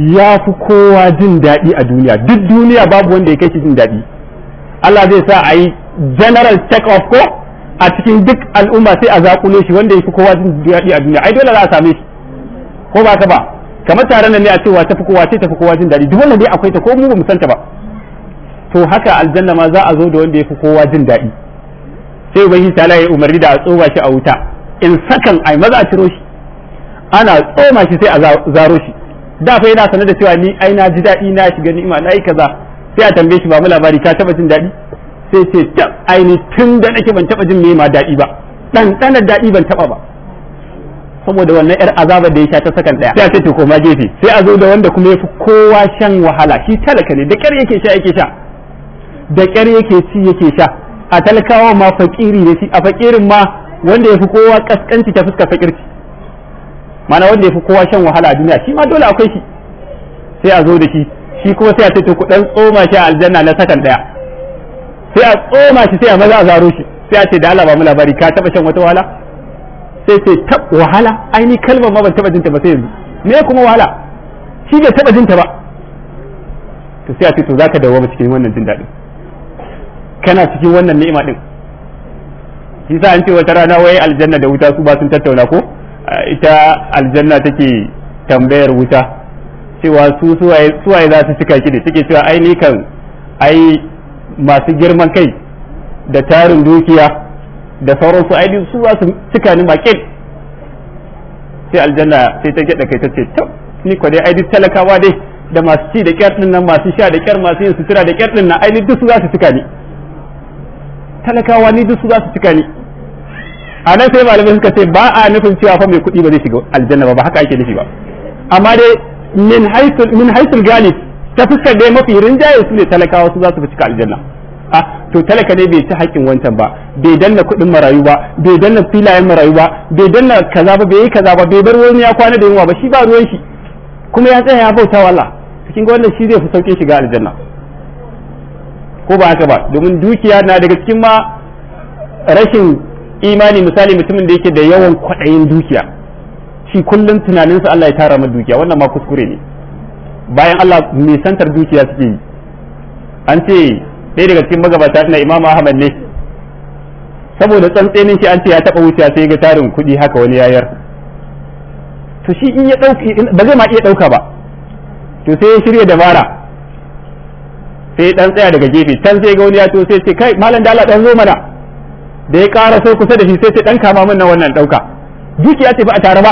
ya fi kowa jin daɗi a duniya duk duniya babu wanda ya kai shi jin daɗi Allah zai sa a yi general check of ko a cikin duk al'umma sai a zakule shi wanda ya fi kowa jin daɗi a duniya ai dole za a same shi ko ba ka ba kamar tare nan ne a cewa ta fi kowa ce tafi kowa jin daɗi duk wanda dai akwai ta ko mu ba mu santa ba to haka aljanna ma za a zo da wanda ya fi kowa jin daɗi sai ubangi ta ya umarni da a tsoma shi a wuta in sakan ai maza a ciro shi ana tsoma shi sai a zaro shi da fa yana sanar da cewa ni ai na ji daɗi na shiga ni'ima na yi kaza sai a tambaye shi ba mu labari ka taba jin daɗi sai ce ta aini tun da nake ban taba jin me ma daɗi ba dan daɗi ban taba ba saboda wannan yar azaba da ya sha ta sakan daya sai a ce to koma gefe sai a zo da wanda kuma yafi kowa shan wahala shi talaka ne da kyar yake sha yake sha da kyar yake ci yake sha a talakawa ma fakiri ne shi a fakirin ma wanda yafi kowa kaskanci ta fuska fakirci mana wanda ya fi kowa shan wahala a duniya shi ma dole akwai shi sai a zo da shi shi kuma sai a ce to ku dan tsoma shi a aljanna na sakan daya sai a tsoma shi sai a maza a zaro shi sai a ce da Allah ba mu labari ka taba shan wata wahala sai ce tab wahala aini kalmar ma ban taba jinta ba sai yanzu me kuma wahala shi bai taba jinta ba to sai a ce to zaka dawo cikin wannan jin dadin kana cikin wannan ni'ima din shi sa an ce wata rana wai aljanna da wuta su ba sun tattauna ko ita aljanna take tambayar wuta cewa su suwaye za su cika ki da take cewa ai ni kan ai masu girman kai da tarin dukiya da sauransu ai su za su cika ni makin sai aljanna sai ta gyada kai ta ce to ni ko dai ai duk talakawa dai da masu ci da kyar nan masu sha da kyar masu yin sutura da kyar nan ai ni duk su za su cika ni talakawa ni duk su za su cika ni a nan sai malamai suka ce ba a nufin cewa fa mai kuɗi ba zai shiga aljanna ba ba haka ake nufi ba amma dai min haisul min haisul galib ta fuskar dai mafi rinjaye su ne talakawa su za su fi cika aljanna a to talaka ne bai ci haƙƙin wancan ba bai danna kuɗin marayu ba bai danna filayen marayu ba bai danna kaza ba bai yi kaza ba bai bar wani ya kwana da yunwa ba shi ba ruwan shi kuma ya tsaya ya bauta Allah cikin ga wannan shi zai fi sauƙin shiga aljanna ko ba haka ba domin dukiya na daga cikin ma rashin imani misali mutumin da yake da yawan kwaɗayin dukiya shi kullum tunaninsa Allah ya tara masa dukiya wannan ma kuskure ne bayan Allah mai santar dukiya suke yi an ce ɗaya daga cikin magabata na Imam Ahmad ne saboda tsantsenin shi an ce ya taɓa wuciya sai ga tarin kuɗi haka wani yayar to shi in ya ɗauka ba zai ma iya ɗauka ba to sai ya shirya dabara sai dan tsaya daga gefe can sai ga wani ya to sai ce kai malam da Allah dan zo mana da ya ƙara so kusa da shi sai sai ɗan kama min na wannan ɗauka dukiya ce ba a tare ba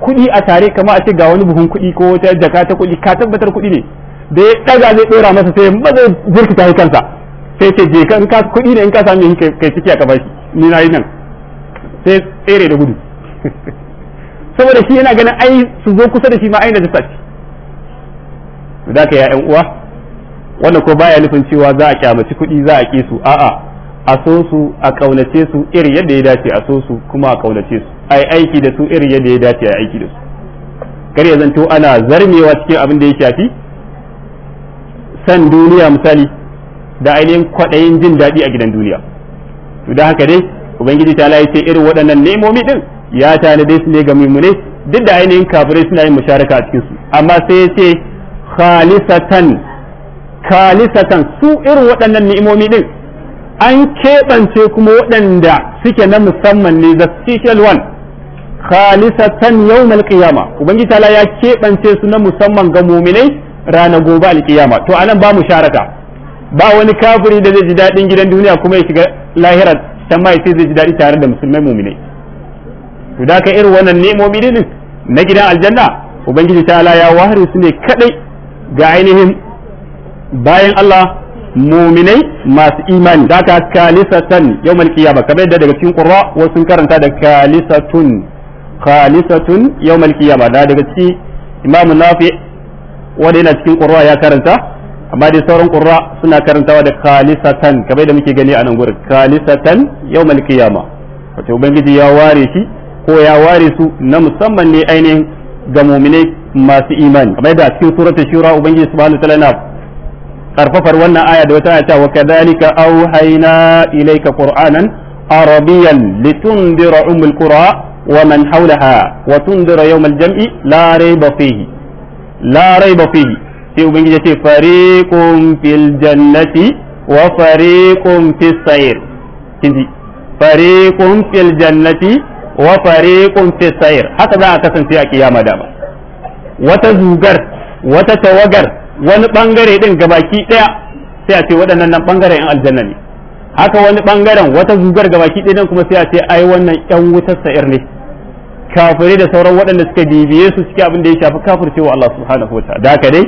kuɗi a tare kama a ce ga wani buhun kuɗi ko wata jaka ta kuɗi ka tabbatar kuɗi ne da ya ɗaga zai ɗora masa sai ba zai jirkita kansa sai ce je ka kuɗi ne in ka sami kai ciki a kabashi ni na yi nan sai tsere da gudu (laughs) saboda shi yana ganin ai su zo kusa da shi ma ai na jisa ce da ka ya uwa wannan ko baya nufin cewa za a kyamaci kuɗi za a ƙi su a'a a so su a kaunace su iri yadda ya dace a so su kuma a kaunace su a yi aiki da su iri yadda ya dace a yi aiki da su kar ya zanto ana zarmewa cikin abin da ya shafi san duniya misali da ainihin kwaɗayin jin daɗi a gidan duniya to da haka dai ubangiji ta ya ce irin waɗannan nemomi din ya tanade su ne ga mimune duk da ainihin kafirai suna yin musharaka a cikin su amma sai ya ce khalisatan khalisatan su irin waɗannan ni'imomi din an keɓance kuma waɗanda suke na musamman ne the special one khalisatan yawmal qiyama ubangiji ta ya keɓance su na musamman ga muminai ranar gobe alkiyama to anan ba mu sharata ba wani kafiri da zai ji daɗin gidan duniya kuma ya shiga lahira ta ma sai zai ji daɗi tare da musulmai muminai to da ka irin wannan ne ne na gidan aljanna ubangiji ta ya wahari su ne kadai ga ainihin bayan Allah muminai masu imani za ka kalisatan yau ya ba kamar yadda daga cikin ƙura wasu karanta da kalisatun kalisatun yau ya ba da daga cikin imamu nafi wanda yana cikin ƙura ya karanta amma dai sauran ƙura suna karantawa da kalisatan kamar yadda muke gani a nan gurin kalisatan yau ya ma wato ubangiji ya ware shi ko ya ware su na musamman ne ainihin ga muminai masu imani kamar yadda a cikin suratul shura ubangiji subhanahu wa ta'ala karfafar wannan aya da wata aya ta wa kadhalika auhayna ilayka qur'anan arabiyan litundira umul qura wa man hawlaha wa tundira yawmal jam'i la rayba fihi la rayba fihi sai ubangiji ce fariqum fil jannati wa fariqum fis sa'ir kinji fariqum fil jannati wa fariqum fis sa'ir haka za a kasance a kiyama dama wata zugar wata tawagar wani bangare din gabaki daya sai a ce waɗannan nan bangaren yan aljanna ne haka wani bangaren wata zugar gabaki daya kuma sai a ce ai wannan yan wutar sa'ir ne kafirai da sauran waɗanda suka bibiye su cikin abin da ya shafi kafircewa Allah subhanahu wataala da haka dai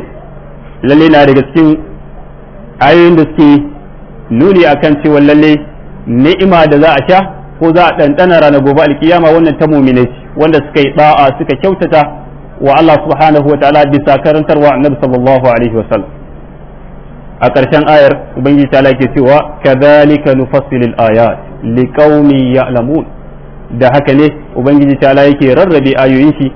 lalle na daga cikin ayoyin da suke nuni akan cewa lalle ni'ima da za a sha ko za a ɗanɗana ranar gobe alkiyama wannan ta mumine wanda suka yi ɗa'a suka kyautata wa Allah subhanahu wa ta'ala bisa karantarwa annabi sallallahu alaihi wasallam a ƙarshen ayar ubangiji ta ke cewa kadhalika nufassilu al-ayat liqaumin ya'lamun da haka ne ubangiji ta yake rarrabe ayoyin shi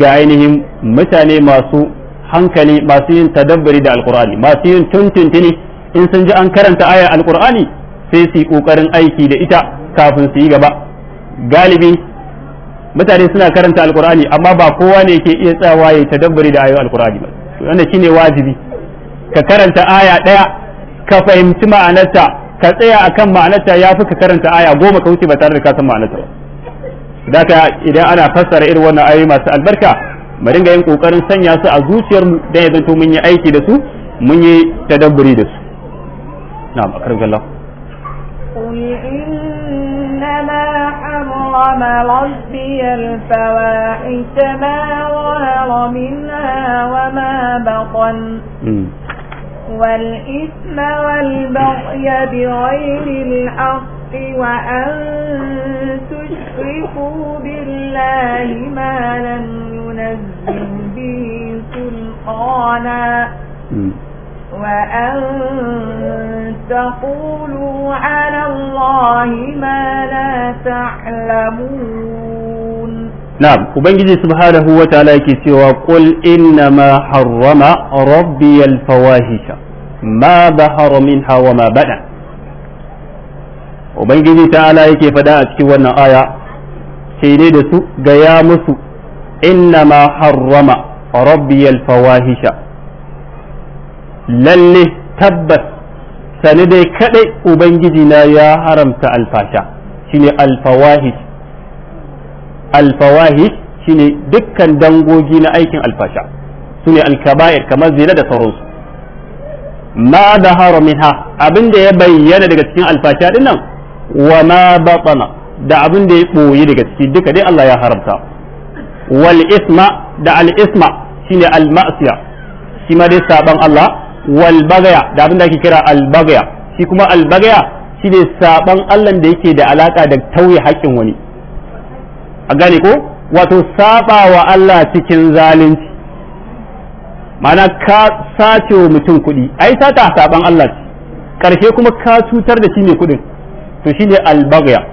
ga ainihin mutane masu hankali masu yin tadabbari da alqur'ani masu yin tuntuntuni in sun ji an karanta ayar alqur'ani sai su yi aiki da ita kafin su yi gaba galibi mutane suna karanta alkurani amma ba kowa ne ke iya tsayawa ya tadabburi da ayoyin alkur'ani ba wannan shine wajibi ka karanta aya daya ka fahimci ma'anarta ka tsaya akan ma'anarta ya fi ka karanta aya goma ka wuce ba tare da ka san ma'anarta ba daka idan ana fassara irin wannan ayoyi masu albarka mu dinga yin kokarin sanya su a zuciyar mu dan ya to mun yi aiki da su mun yi tadabburi da su na'am akram Allah حرم ربي الفواحش ما ظهر منها وما بطن والإثم والبغي بغير الحق وأن تشركوا بالله ما لم ينزل به سلطانا وأن تقولوا على الله ما لا تعلمون نعم وبنجي سبحانه وتعالى كي قل إنما حرم ربي الفواهش ما ظهر منها وما بدا Ubangiji ta ala yake fada a cikin wannan aya, ce ne da su gaya musu, inna ma harrama rabbiyal fawahisha lalle tabbas sani dai kadai ubangiji na ya haramta alfasha shine alfawahis alfawahish shine dukkan dangogi na aikin alfasha sune alkaba'ir kamar zina da sauransu ma da minha abin da ya bayyana daga cikin alfasha din nan wa ma batana da abin da ya boye daga ciki duka dai Allah ya haramta wal isma da al isma shine al ma'siya shi ma dai saban Allah walbagaya da abin da ake kira albagaya shi kuma albagaya shi ne saban Allah da yake da alaka da tauye haƙƙin wani a gane ko wato saba wa Allah cikin zalunci ma'ana ka sace wa mutum kuɗi ai sata saban Allah ce karshe kuma ka cutar da shi ne kuɗin to shi ne albagaya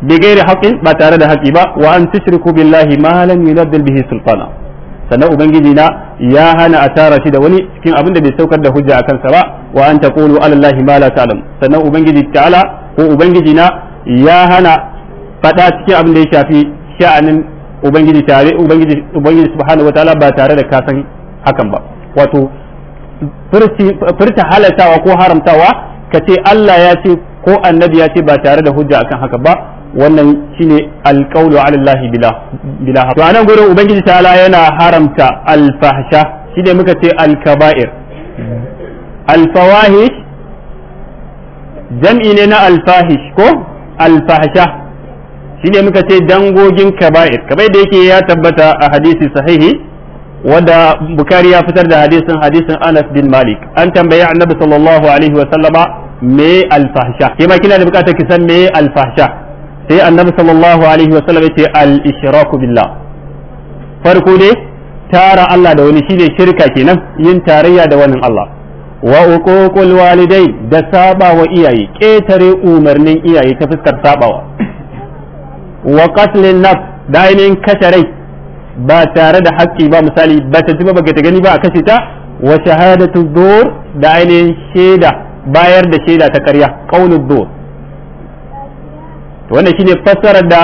bi gairi ba tare da haƙi ba wa an tushriku billahi ma lam yunzil bihi sultana sannan ubangiji na ya hana a tara shi da wani cikin abin da bai saukar da hujja a kansa ba wa an taqulu ala allahi ma la ta'lam sannan ubangiji ta'ala ko ubangiji na ya hana fada cikin abin da ya shafi sha'anin ubangiji tare ubangiji ubangiji subhanahu wa ta'ala ba tare da kasan hakan ba wato furta halatawa ko haramtawa ka ce Allah ya ce ko annabi ya ce ba tare da hujja akan haka ba wannan shine alqawlu ala Allah bila bila to anan gurin ubangiji ta'ala yana haramta alfahsha shine muka ce alkaba'ir alfawahish jam'i ne na alfahish ko alfahsha shine muka ce dangogin kaba'ir kamar da yake ya tabbata a hadisi sahihi wanda bukari ya fitar da hadisin hadisin anas bin malik an tambayi annabi sallallahu alaihi wa sallama me alfahsha kima kina da bukatar ki san me alfahsha sai annabi sallallahu alaihi wa sallam yace al ishraku billah farko dai tara Allah da wani shine shirka kenan yin tarayya da wani Allah wa uququl walidai da saba wa iyaye ketare umarnin iyaye ta fuskar sabawa wa qatlin nafs da ainihin kashe rai ba tare da haƙƙi ba misali ba ta ji ba ta gani ba a kashe ta wa shahadatu dur da ainihin shaida bayar da shaida ta ƙarya qaulud dur wannan shine fassarar da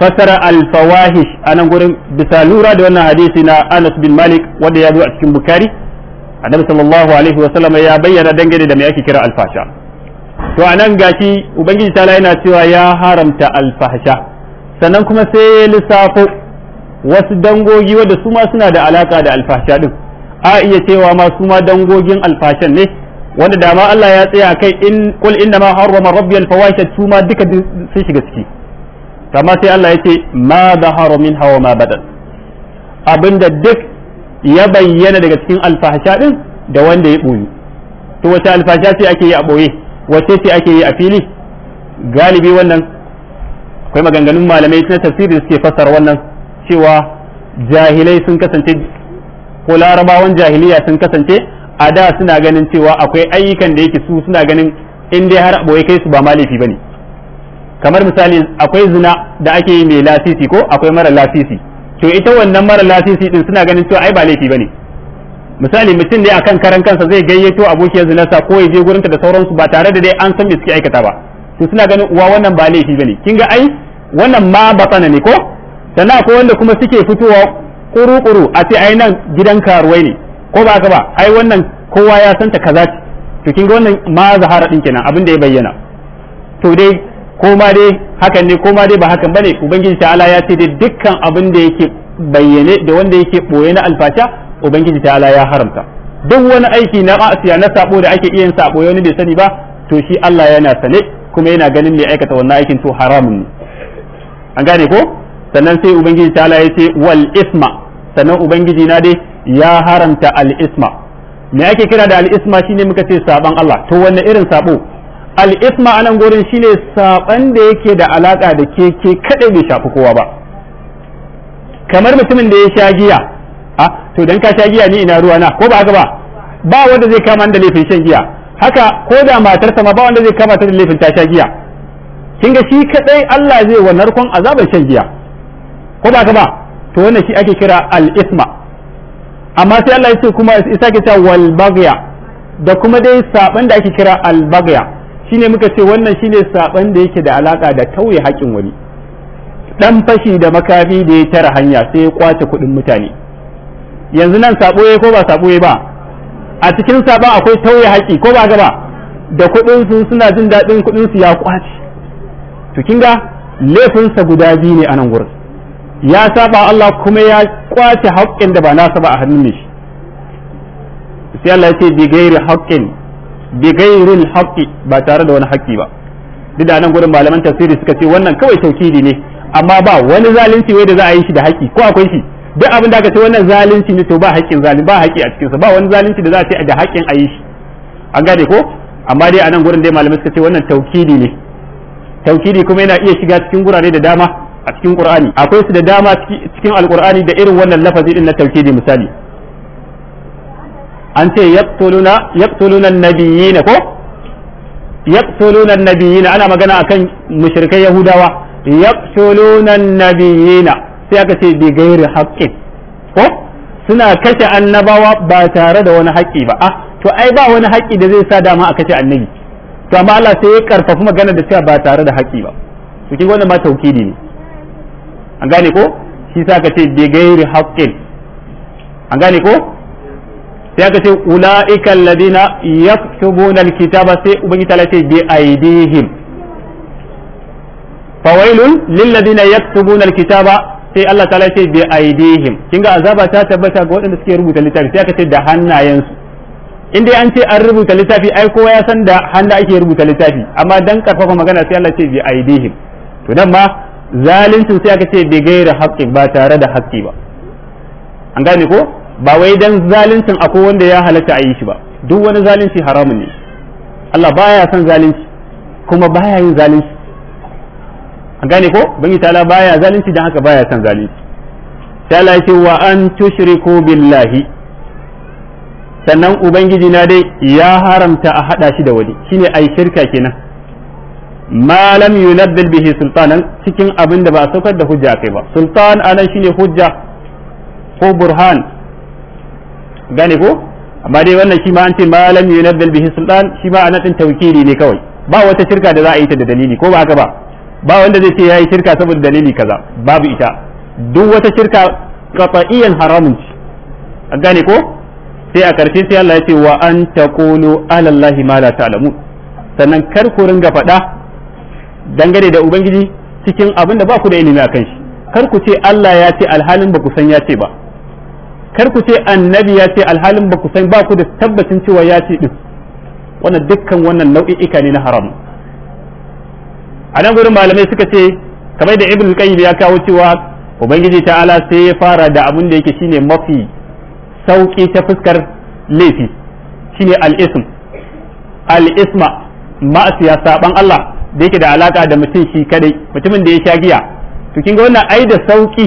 fassara al-fawahish anan gurin bisa lura da wannan hadisi na Anas bin Malik wanda ya zo a cikin Bukhari annabi sallallahu alaihi wa sallam ya bayyana dangane da me yake kira alfasha to anan gashi ubangiji ta yana cewa ya haramta alfasha sannan kuma sai ya lissafo wasu dangogi wanda su ma suna da alaka da alfasha din a iya cewa ma su ma dangogin alfashan ne wanda dama Allah ya tsaya kai in kul inna ma harrama rabbi al fawahisha tuma duka sun shiga ciki kama sai Allah ya ce ma zahara min hawa ma badal abinda duk ya bayyana daga cikin alfahasha din da wanda ya boye to wace alfahasha sai ake yi a boye wace ce ake yi a fili galibi wannan akwai maganganun malamai na tafsiri da suke fassara wannan cewa jahilai sun kasance ko larabawan jahiliya sun kasance a da suna ganin cewa akwai ayyukan da yake su suna ganin in dai har aboye kai su ba ma laifi bane kamar misali akwai zina da ake yi mai lasisi ko akwai mara lasisi to ita wannan mara lasisi din suna ganin cewa ai ba laifi bane misali mutum dai akan karan kansa zai gayyato abokiyar sa ko ya je gurinta da sauransu ba tare da dai an san me suke aikata ba to suna ganin uwa wannan ba laifi bane kin ga ai wannan ma tsana ne ko sannan akwai wanda kuma suke fitowa kuru-kuru a ce ai nan gidan karuwai ne ko ba ka ba ai wannan kowa ya santa kaza ce to kin ga wannan ma zahara din kenan abin da ya bayyana to dai ko ma dai hakan ne ko ma dai ba hakan bane ubangiji ta'ala ya ce dai dukkan abin da yake bayyane da wanda yake boye na alfasha ubangiji ta'ala ya haramta duk wani aiki na ma'asiya na sabo da ake iya yin sabo wani bai sani ba to shi Allah yana sane kuma yana ganin mai aikata wannan aikin to haramun ne an gane ko sannan sai ubangiji ta'ala ya ce wal isma sannan ubangiji na dai ya haramta al-isma me ake kira da al-isma shine muka ce saban Allah to wanne irin sabo al-isma anan gurin shine saban da yake da alaka da keke ke kadai bai shafi kowa ba kamar mutumin da ya sha giya a to dan ka sha giya ni ina ruwa na ko ba haka ba ba wanda zai kama da laifin shan giya haka ko da matarsa ma ba wanda zai kama da laifin ta sha giya kin ga shi kadai Allah zai wa narkon azabar shan giya ko ba haka ba to wannan shi ake kira al-isma amma sai Allah ya ce kuma ya sake cewa wal bagya da kuma dai saban da ake kira al bagya shine muka ce wannan shine saban da yake da alaka da tauye haƙin wani dan fashi da makafi da ya tara hanya sai ya kwace kuɗin mutane yanzu nan sabo ko ba sabo ba a cikin saban akwai tauye haƙi ko ba gaba da kuɗin su suna jin daɗin kuɗin su ya kwace to kinga laifinsa guda biyu ne a nan gurin ya saba Allah kuma ya kwace haƙƙin da ba nasa ba a hannun shi sai Allah ya ce bi gairi haƙƙin bi gairil haƙƙi ba tare da wani haƙƙi ba duk da nan gurin malaman tafsiri suka ce wannan kawai taukidi ne amma ba wani zalunci wai da za a yi shi da haƙƙi ko akwai shi duk abin da aka ce wannan zalunci ne to ba haƙƙin zalunci ba haƙƙi a cikinsa ba wani zalunci da za a ce da haƙƙin a yi shi an gane ko amma dai a nan gurin dai malamai suka ce wannan taukidi ne taukidi kuma yana iya shiga cikin gurare da dama a cikin qur'ani akwai su da dama cikin alqur'ani da irin wannan lafazi din na tauhidi misali an ce yaqtuluna yaqtuluna nabiyina ko yaqtuluna nabiyina ana magana akan mushrikai yahudawa yaqtuluna nabiyina sai aka ce bi gairi haqqin ko suna kashe annabawa ba tare da wani haƙƙi ba ah to ai ba wani haƙƙi da zai sa dama a kashe annabi to amma Allah sai ya karfafi magana da cewa ba tare da haƙƙi ba to kin wannan ma tauhidi ne an gane ko shi sa ka ce bi gairi haqqin an gane ko sai aka ce ulaika alladina yaktubuna alkitaba sai ubangi ta ce bi aidihim fawailun na yaktubuna alkitaba sai Allah ta ce bi aidihim kin ga azaba ta tabbata ga waɗanda suke rubuta littafi sai aka ce da hannayensu in dai an ce an rubuta littafi ai kowa ya san da hannu ake rubuta littafi amma dan karfafa magana sai Allah ce bi aidihim to dan ma zalincin sai aka ce bai gaira haƙƙi ba tare da haƙƙi ba an gane ko ba wai dan zalincin akwai wanda ya halatta a yi shi ba duk wani zalunci haramun ne Allah baya son zalunci kuma baya yin zalunci an gane ko yi tala baya zalunci dan haka baya son zalunci sai Allah ya ce wa an tushriku billahi sannan ubangiji na dai ya haramta a hada shi da wani shine ai shirka kenan ma lam yunaddal bihi sultanan cikin abin da ba saukar da hujja kai ba sultan anan shine hujja ko burhan gane ko amma dai wannan shi ma an ce ma lam yunabbil bihi sultan shi ma anan din tawkili ne kawai ba wata shirka da za a yi ta da dalili ko ba haka ba ba wanda zai ce yayi shirka saboda dalili kaza babu ita duk wata shirka qata'iyan haramun ce gane ko sai a karshe sai Allah ya ce wa an taqulu ala allahi ma la ta'lamun sannan kar ku ringa faɗa dangane da ubangiji cikin abin da ba ku da ilimi akan shi kar ku ce Allah ya ce alhalin ba ku san ya ce ba kar ku ce annabi ya ce alhalin ba ku san ba ku da tabbacin cewa ya ce din wannan dukkan wannan nau'i'ika ne na haram a nan gurin malamai suka ce kamar da ibn qayyim ya kawo cewa ubangiji ta'ala sai ya fara da abin da yake shine mafi sauki ta fuskar laifi shine al-ism al-isma ma'asiya saban Allah da yake da alaka da mutum shi kadai mutumin da ya sha giya to kin ga wannan ai da sauki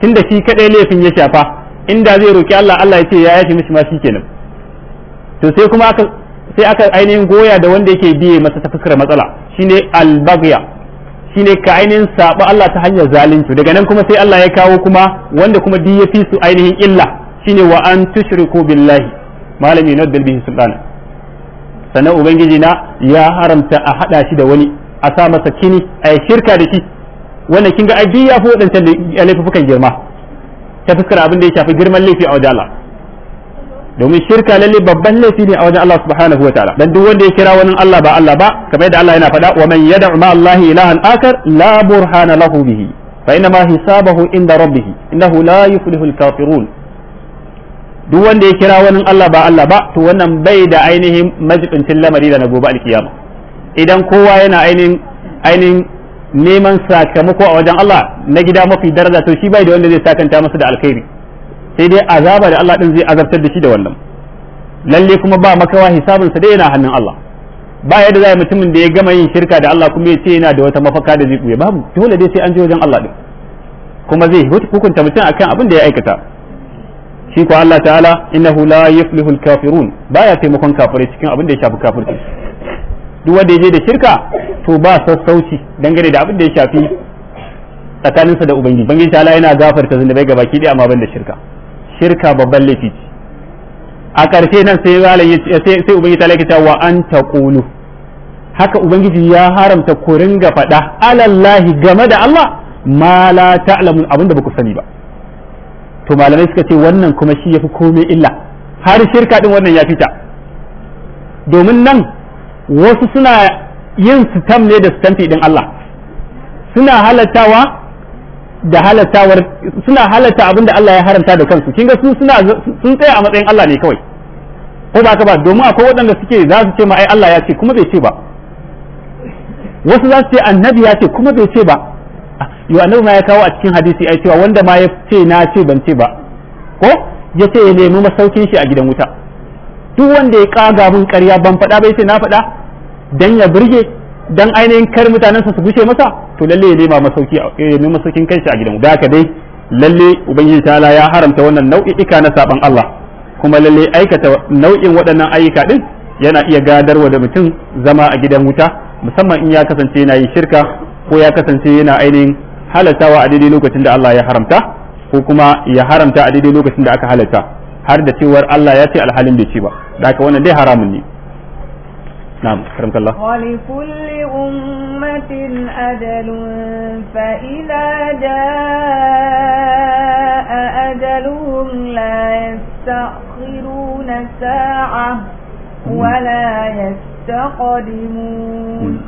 tunda shi kadai laifin ya shafa inda zai roki Allah Allah ya ce ya yashi mishi ma shi kenan to sai kuma aka sai aka ainihin goya da wanda yake biye masa ta fuskar matsala shine albagya shine ka ainihin saba Allah ta hanyar zalunci daga nan kuma sai Allah ya kawo kuma wanda kuma duk ya su ainihin illa shine wa an tushriku billahi malami na bihi sultana sannan ubangiji na ya haramta a hada shi da wani a sa masa kini a shirka da shi wannan kin ga ai ya fi waɗancan laifukan girma ta fuskar abin da ya shafi girman laifi a wajen Allah domin shirka lalle babban laifi ne a wajen Allah subhanahu wataala dan duk wanda ya kira wani Allah ba Allah ba kamar yadda Allah yana faɗa wa man yad'u ma Allah ilahan akar la burhana lahu bihi fa inna ma hisabahu inda rabbih innahu la yuflihul kafirun duk wanda ya kira wani Allah ba Allah ba to wannan bai da ainihin majibincin lamari da na gobe alkiyama idan kowa yana ainihin ainihin neman sakamako a wajen Allah na gida mafi daraja to shi bai da wanda zai sakanta masa da alkhairi sai dai azaba da Allah din zai azabtar da shi da wannan lalle kuma ba makawa hisabin sa dai yana hannun Allah ba yadda zai mutumin da ya gama yin shirka da Allah kuma ya ce yana da wata mafaka da zai buye babu dole dai sai an je wajen Allah din kuma zai hukunta mutum akan abin da ya aikata shi ko Allah ta'ala innahu la yuflihu al-kafirun baya taimakon kafirai cikin abin da ya shafi kafirci duk wanda je da shirka to ba sassauci dangane da abin da ya shafi tsakaninsa da ubangiji ubangiji ta'ala yana gafarta zunubai ga baki amma ban da shirka shirka babban laifi ce a ƙarshe nan sai zalan sai ubangiji ta'ala ya ce wa an taqulu haka ubangiji ya haramta ku ringa faɗa alallahi game da Allah ma la ta'lamun abin da ba ku sani ba to malamai suka ce wannan kuma shi yafi komai illa har shirka din wannan ya fita domin nan wasu suna yin sitam ne da sitamfi din Allah suna halattawa da halattawar suna halatta abin da Allah ya haramta da kansu kin ga su suna sun tsaya a matsayin Allah ne kawai ko ba ka ba domin akwai waɗanda suke za su ce ma ai Allah ya ce kuma bai ce ba wasu za su ce annabi ya ce kuma bai ce ba yo annabi ma ya kawo a cikin hadisi ai cewa wanda ma ya ce na ce ban ce ba ko ya ce ya nemi masaukin shi a gidan wuta duk wanda ya kaga mun ƙarya ban faɗa ba ce na faɗa dan ya burge dan ainihin kar mutanen su gushe masa to lalle ya nema masauki ya nemi masaukin kansa a gidan wuta haka dai lalle ubangiji ta'ala ya haramta wannan nau'i'ika na saban Allah kuma lalle aikata nau'in waɗannan ayyuka din yana iya gadarwa da mutum zama a gidan wuta musamman in ya kasance yana yin shirka ko ya kasance yana ainihin halatawa a daidai lokacin da Allah ya haramta ko kuma ya haramta a daidai lokacin da aka halata har da cewar Allah ya ce alhalin bai ci ba da haka wannan dai haramun ne نعم كرمك الله ولكل أمة أجل فإذا جاء أجلهم لا يستأخرون ساعة ولا يستقدمون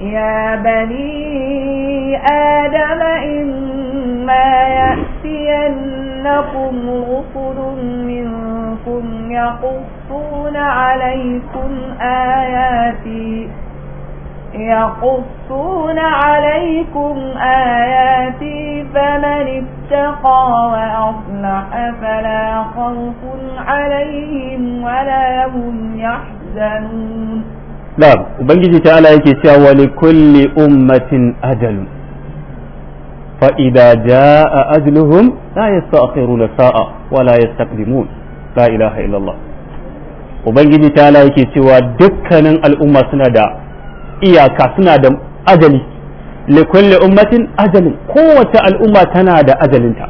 يا بني آدم إما يأتينكم رسل منكم يقصون عليكم آياتي يقصون عليكم آياتي فمن اتقى وأصلح فلا خوف عليهم ولا هم يحزنون na'am ubangiji ta'ala yake cewa wa li kulli ummatin ajal. fa idza jaa ajaluhum la yasta'khiruna sa'a wa la yastaqdimun la ilaha illallah ubangiji ta'ala yake cewa dukkanin al'umma suna da iyaka suna da ajali li kulli ummatin ajalun kowace al'umma tana da ajalinta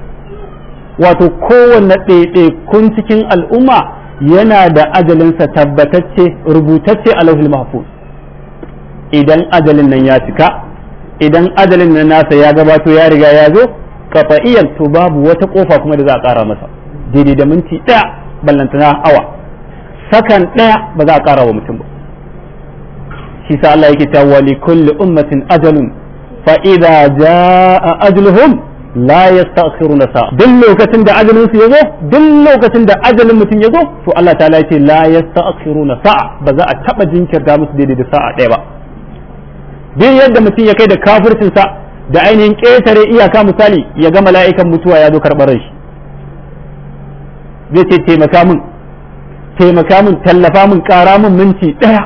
wato kowanne ɗaiɗaikun cikin al'umma yana da ajalinsa tabbatacce rubutacce a lauhul mahfuz idan ajalin nan ya cika idan ajalin nan nasa ya gabato ya riga ya zo kafa'iyar to babu wata kofa kuma da za a kara masa daidai da minti ɗaya ballantana awa sakan ɗaya ba za a kara wa mutum ba shi sa Allah yake ta wali kulli ummatin ajalun fa idza jaa ajaluhum la yastakhiruna sa duk lokacin da ajalin su yazo duk lokacin da ajalin mutum yazo to Allah ta'ala yace la yastakhiruna sa ba za a taba jinkirta musu daidai da sa'a ɗaya ba duk yadda mutum ya kai da kafircin sa da ainihin ƙetare iyaka misali ya ga mala'ikan mutuwa ya zo karɓar shi zai ce taimaka min taimaka min tallafa min ƙara min minti ɗaya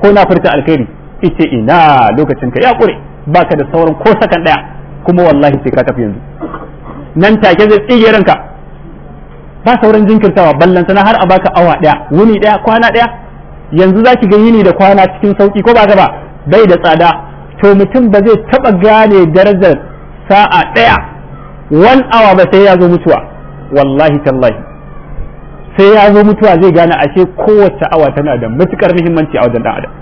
ko na furta alkhairi ina lokacin ka ya ƙure baka da sauran ko sakan ɗaya kuma wallahi sai ka tafi yanzu nan take zai tsige ranka ba sauran jinkirtawa ballan sana har a baka awa daya wuni daya kwana daya yanzu za ki ga yini da kwana cikin sauki ko ba gaba bai da tsada to mutum ba zai taba gane darajar sa'a daya wan awa ba sai ya zo mutuwa wallahi tallahi sai ya zo mutuwa zai gane ashe kowace awa tana da matukar muhimmanci a wajen dan adam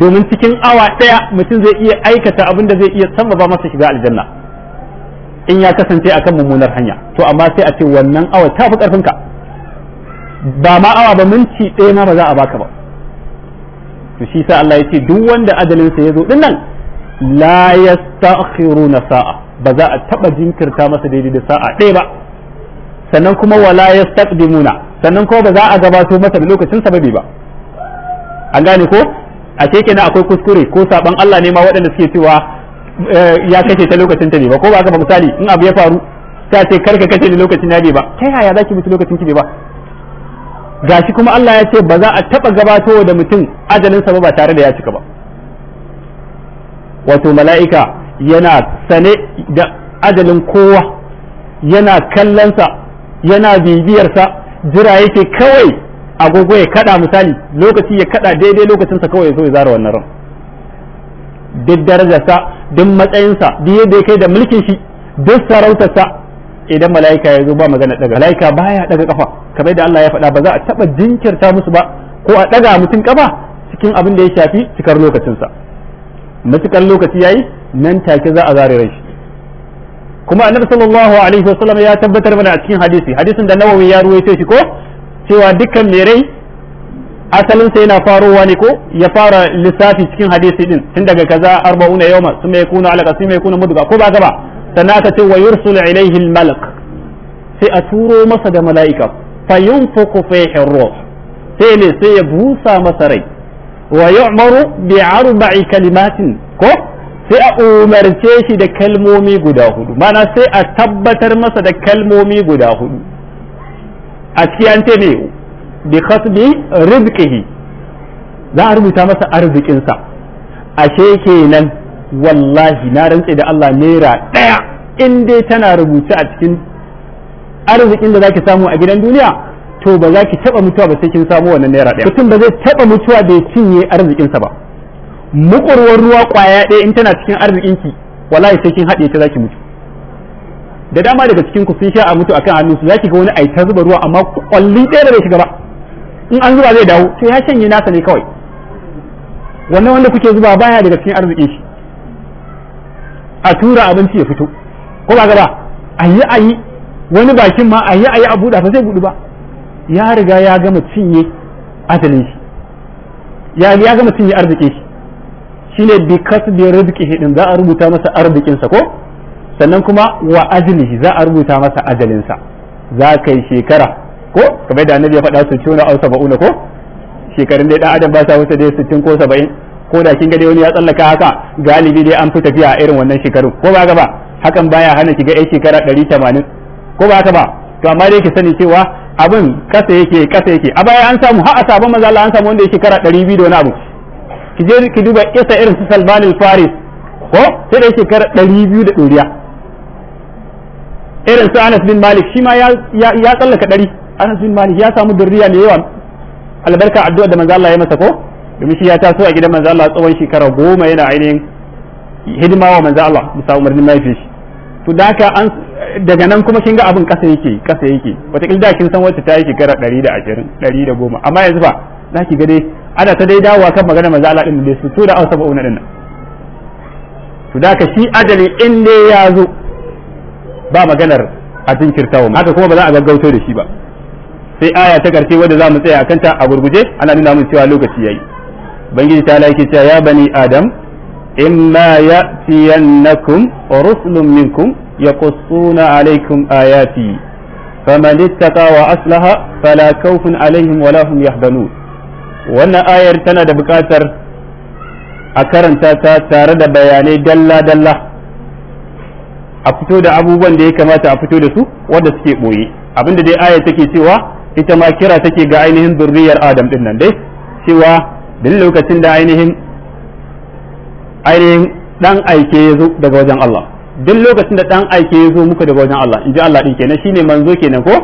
domin cikin awa ɗaya mutum zai iya aikata abin da zai iya sababa masa shiga aljanna in ya kasance akan mummunar hanya to amma sai a ce wannan awa ta fi ƙarfinka ba ma awa ba minti ɗaya ma ba za a baka ba to shi sa Allah ya ce duk wanda ajalinsa ya zo dinnan la yastakhiruna sa'a ba za a taba jinkirta masa daidai da sa'a ɗaya ba sannan kuma wala yastaqdimuna sannan kuma ba za a gabato masa da lokacin sababi ba an gane ko a na akwai kuskure ko saban Allah ne ma waɗanda suke cewa eh, ya kashe ta lokacin ta ne ba ko ba ka ba misali in abu ya faru ta ce kar ka kashe ni lokacin na bai ba kai yaya zaki mutu lokacin ki bai ba gashi kuma Allah ya ce ba za a taba gabato da mutum ajalinsa ba ba tare da ya cika ba wato mala'ika yana sane da ajalin kowa yana kallonsa yana bibiyarsa jira yake kawai agogo ya kada misali lokaci ya kada daidai lokacin sa kawai so ya zara wannan ran duk darajarsa duk matsayinsa duk yadda ya da mulkin shi duk sarautarsa idan mala'ika ya zo ba magana daga mala'ika baya daga kafa kamar da Allah ya faɗa ba za a taba jinkirta musu ba ko a daga mutum kafa cikin abin da ya shafi cikar lokacinsa matukar lokaci yayi nan take za a zare shi. kuma annabi sallallahu alaihi wasallam ya tabbatar mana a cikin hadisi hadisin da nawawi ya ruwaito shi ko cewa dukkan mai rai asalinsa yana farowa ne ko ya fara lissafi cikin hadisi din tun daga kaza arba'una yawma summa yakunu alaqa summa yakunu mudga ko ba gaba sannan aka ce wa yursul ilayhi al malak sai a turo masa da mala'ika fa fihi ruh sai ne sai ya busa masa rai wa yu'maru bi arba'i kalimatin ko sai a umarce shi da kalmomi guda hudu mana sai a tabbatar masa da kalmomi guda hudu a ciki an ce ne bi khasbi rizqihi za a rubuta masa arzikinsa ashe kenan wallahi na rantse da Allah naira ɗaya in dai tana rubuce a cikin arzikin da zaki samu a gidan duniya to ba za ki taɓa mutuwa ba sai kin samu wannan naira ɗaya mutum ba zai taɓa mutuwa da ya cinye arzikinsa ba mukurwar ruwa kwaya ɗaya in tana cikin arzikinki wallahi sai kin haɗe ta zaki mutu da dama daga cikin ku sun sha a mutu akan hannunsu zaki ga wani ai ta zuba ruwa amma kwalli ɗaya da bai shiga ba in an zuba zai dawo to ya shanye nasa ne kawai wannan wanda kuke zuba baya daga cikin arzikin shi a tura abinci ya fito ko ba gaba ayi ayi wani bakin ma ayi ayi a buɗa ba zai buɗu ba ya riga ya gama cinye asalin shi ya ya gama cinye arzikin shi shine bi kasbi rizqihi din za a rubuta masa arzikin sa ko sannan kuma wa ajlihi za a rubuta masa ajalinsa za ka yi shekara ko kamar da annabi ya faɗa su cuna na au saba'una ko shekarun dai dan adam ba sa wuce dai sittin ko saba'in ko da kin ga dai wani ya tsallaka haka galibi dai an fi tafiya a irin wannan shekaru ko ba ka ba hakan baya hana ki ga ai shekara ɗari tamanin ko ba ka ba to amma dai ki sani cewa abin kasa yake kasa yake a baya an samu har a sabon maza Allah an samu wanda ya shekara ɗari biyu da wani abu ki je ki duba isa irin su Salman faris ko sai da shekara ɗari biyu da ɗoriya irin su Anas bin Malik shi ma ya tsallaka ɗari Anas bin Malik ya samu durriya da yawa albarka addu'a da manzo Allah ya masa ko domin shi ya taso a gidan manzo Allah tsawon shekara goma yana ainihin hidima wa manzo Allah bisa umarnin mahaifin shi to da haka an daga nan kuma kin ga abin kasa yake kasa yake wataƙil da kin san wacce ta yi shekara ɗari da ashirin ɗari da goma amma yanzu ba za ki ga dai ana ta dai dawowa kan magana manzo Allah ɗin da su to da ausa ba'una ɗin to da haka shi adali in dai ya zo ba maganar a jinkirta wa haka kuma ba za a gaggauto da shi ba sai aya ta karshe wadda za mu tsaya a kanta a gurguje ana nuna mun cewa lokaci yayi bangiji ta laiki cewa ya bani adam ya tiyannakum rusulun minkum yaqussuna alaykum ayati faman ittaqa wa aslaha fala khawfun alaihim wala hum wannan ayar tana da bukatar a karanta ta tare da bayanai dalla dalla a fito da abubuwan da ya kamata a fito da su wanda suke boye abinda dai aya take cewa ita ma kira take ga ainihin zurriyar adam din nan dai cewa duk lokacin da ainihin ainihin dan aike ya zo daga wajen Allah duk lokacin da dan aike ya zo muku daga wajen Allah inji Allah din kenan shine manzo kenan ko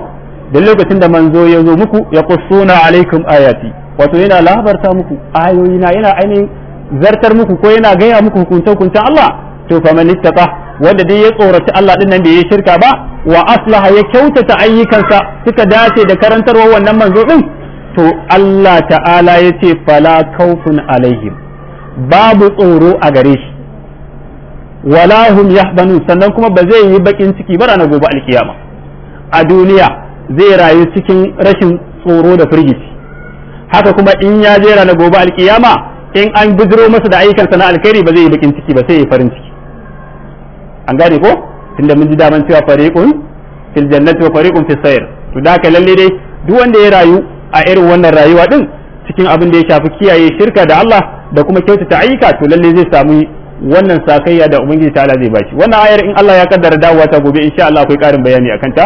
duk lokacin da manzo ya zo muku ya qussuna alaikum ayati wato yana labarta muku ayoyina yana ainihin zartar muku ko yana gaya muku hukunta hukuntan Allah to man ittaqa wanda dai ya tsoraci Allah din nan da ya shirka ba wa aslaha ya kyautata ayyukansa suka dace da karantarwa wannan manzo din to Allah ta'ala ya ce fala khawfun alaihim babu tsoro a gare shi wala hum yahbanu sannan kuma ba zai yi bakin ciki ba ranar gobe alkiyama a duniya zai rayu cikin rashin tsoro da firgici haka kuma in ya je ranar gobe alkiyama in an gudro masa da ayyukansa na alkhairi ba zai yi bakin ciki ba sai ya farin ciki an gane ko tunda mun ji daman cewa fariqun fil jannati wa fariqun fis sayr to da ka lalle dai duk wanda ya rayu a irin wannan rayuwa din cikin abin da ya shafi kiyaye shirka da Allah da kuma kyautata ayyuka to lalle zai samu wannan sakayya da ubangiji ta'ala zai bashi wannan ayar in Allah ya kaddara dawowa ta gobe insha Allah akwai karin bayani akan ta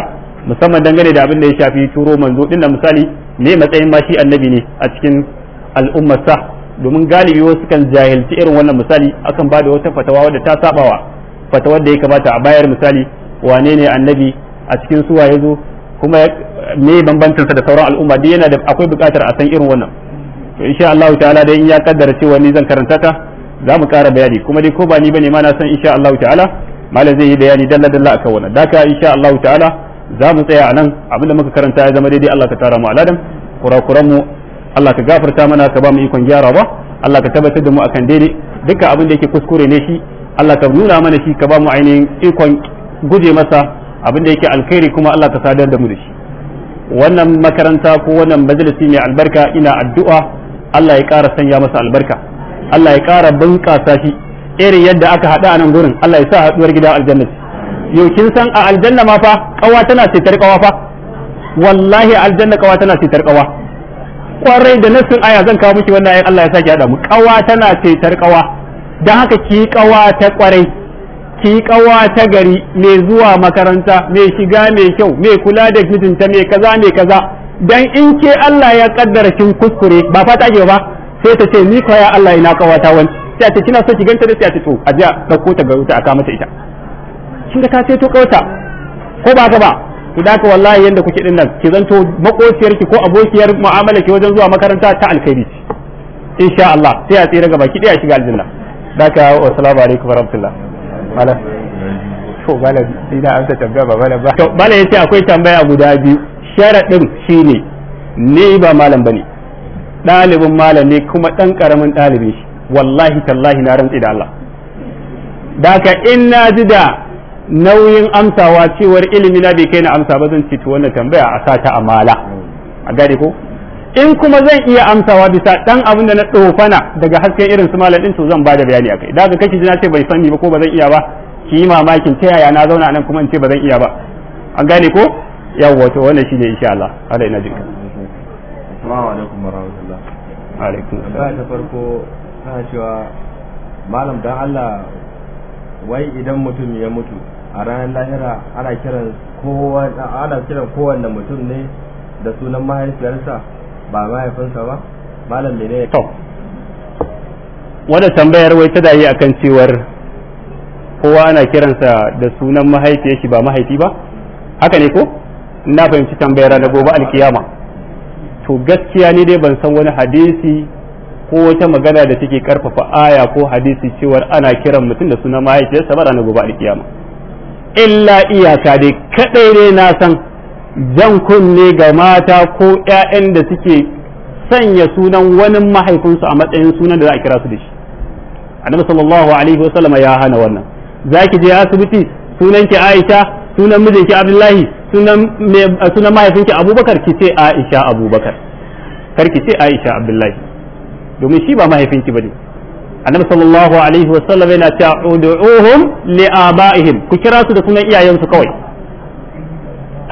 musamman dangane da abin da ya shafi turo manzo din misali ne matsayin ma shi annabi ne a cikin al'ummarsa domin galibi wasu kan jahilci irin wannan misali akan ba da wata fatawa wadda ta sabawa fata wanda ya kamata a bayar misali wane ne annabi a cikin suwa ya zo kuma me bambancin da sauran al'umma duk yana da akwai buƙatar a san irin wannan to insha Allah ta'ala dai in ya kaddara cewa ni zan karanta ta za mu ƙara bayani kuma dai ko ba ni bane ma na san insha Allah ta'ala malam zai yi bayani dalla dalla akan wannan daka insha Allah ta'ala za mu tsaya a nan abinda muka karanta ya zama daidai Allah ka tara mu aladan kurakuran mu Allah ka gafarta mana ka ba mu ikon gyarawa Allah ka tabbatar da mu akan daidai duka abin da yake kuskure ne shi Allah ka nuna mana shi ka ba mu ainihin ikon guje masa abin da yake alkhairi kuma Allah ka sadar da mu da shi wannan makaranta ko wannan majalisi mai albarka ina addu'a Allah ya ƙara sanya masa albarka Allah ya ƙara bunƙasa shi irin yadda aka haɗu a nan gurin Allah ya sa haɗuwar gida aljanna yau kin san a aljanna ma fa kawa tana sitar kawa fa wallahi aljanna kawa tana sitar kawa kwarai da nassin aya zan kawo miki wannan ayan Allah ya saki haɗa mu kawa tana sitar kawa don haka ki kawa ta kwarai ki kawa ta gari mai zuwa makaranta mai shiga mai kyau mai kula da mijinta mai kaza mai kaza dan in ke Allah ya kaddara kin kuskure ba fata ke ba sai ta ce ni ko ya Allah ina kawata wani sai ta kina so ki ganta da sai ta to a da ko ta garuta aka mata ita kin ga ta sai to kauta ko ba ka ba da daka wallahi yanda kuke din nan ki zanto makociyar ki ko abokiyar mu'amala ki wajen zuwa makaranta ta alkhairi insha Allah sai a tsira gaba ki daya shiga aljanna daga wa salamu alaikum wa rahmatullah malam to malam ina amsa tambaya ba ba to yace akwai tambaya guda biyu sharadin shine ni ba malam bane ɗalibin malam ne kuma ɗan ƙaramin ɗalibi shi wallahi tallahi na rantsi da Allah daka in na ji da nauyin amsawa cewar ilimi na bai kai na amsa ba zan ci wannan tambaya a sata a mala. a gare ko in kuma zan iya amsawa bisa dan abin da na tsofana daga hasken irin su malam din to zan bada bayani akai da ga kake na ce bai sani ba ko ba zan iya ba ki yi mamakin ta yaya na zauna nan kuma in ce ba zan iya ba an gane ko yawwa to wannan shine insha Allah har ina jinka assalamu alaikum warahmatullahi alaikum assalam ta farko ta cewa malam dan Allah wai idan mutum ya mutu a ranar lahira ana kiran kowa ana kiran kowanne mutum ne da sunan mahaifiyarsa ba mahaifinsa ba malam ne ne to wanda tambayar wai ta yi akan cewar kowa ana kiransa da sunan mahaifiyar shi ba mahaifi ba haka ne ko na fahimci tambayar na gobe alkiyama to gaskiya ne dai ban san wani hadisi ko wata magana da take karfafa aya ko hadisi cewar ana kiran mutum da sunan mahaifiyarsa ba ranar gobe alkiyama illa iyaka dai kadai ne na san jan kunne ga mata ko ‘ya'yan da suke sanya sunan wani mahaifinsu a matsayin sunan da za a kira su da shi annabi sallallahu alaihi wasallam ya hana wannan za ki je asibiti sunan ki aisha sunan mijinki abdullahi sunan mahaifinki abubakar ki ce aisha abubakar kar ki ce aisha abdullahi domin shi ba mahaifinki bane annabi sallallahu alaihi wasallam yana cewa li abaihim ku kira su da sunan iyayensu kawai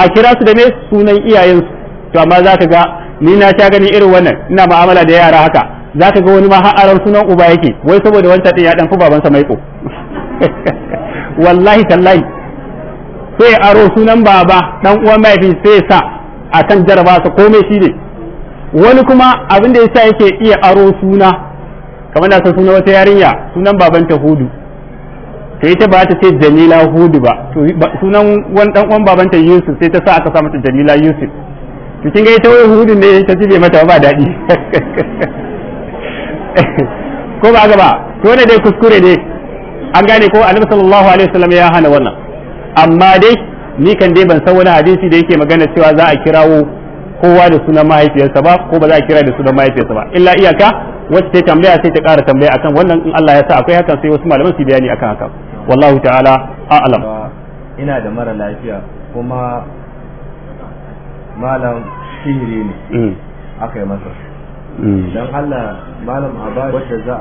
a kira su da me sunan iyayensu to amma za ka ga ni na sha gani irin wannan ina ma'amala da yara haka za ka ga wani ma har sunan uba yake wai saboda wancan din ya dan fi babansa ko (laughs) wallahi tallahi sai aro sunan baba dan uwan mahaifi sai sa akan jaraba sa komai shi ne wani kuma abin da ya yasa yake iya aro suna kamar na san suna wata yarinya sunan babanta hudu ta ita ba ta ce Jamila Hudu ba to sunan wani dan uwan babanta Yusuf sai ta sa aka sa mata Jamila Yusuf to kin ga ita wai Hudu ne ta jibe mata ba daɗi (laughs) ko ba ga ba to ne dai kuskure ne an gane ko Annabi sallallahu alaihi wasallam ya hana wannan amma dai ni kan dai ban san wani hadisi da yake magana cewa za a kirawo kowa da sunan mahaifiyarsa ba ko ba za a kira da sunan mahaifiyarsa ba illa iyaka wacce ta tambaya sai ta ƙara tambaya akan wannan in Allah ya sa akwai hakan sai wasu malaman su bayani akan hakan wallahu ta'ala a'lam ina da mara lafiya kuma malam sihiri ne mm. aka yi masa mm. don Allah malam a wacce za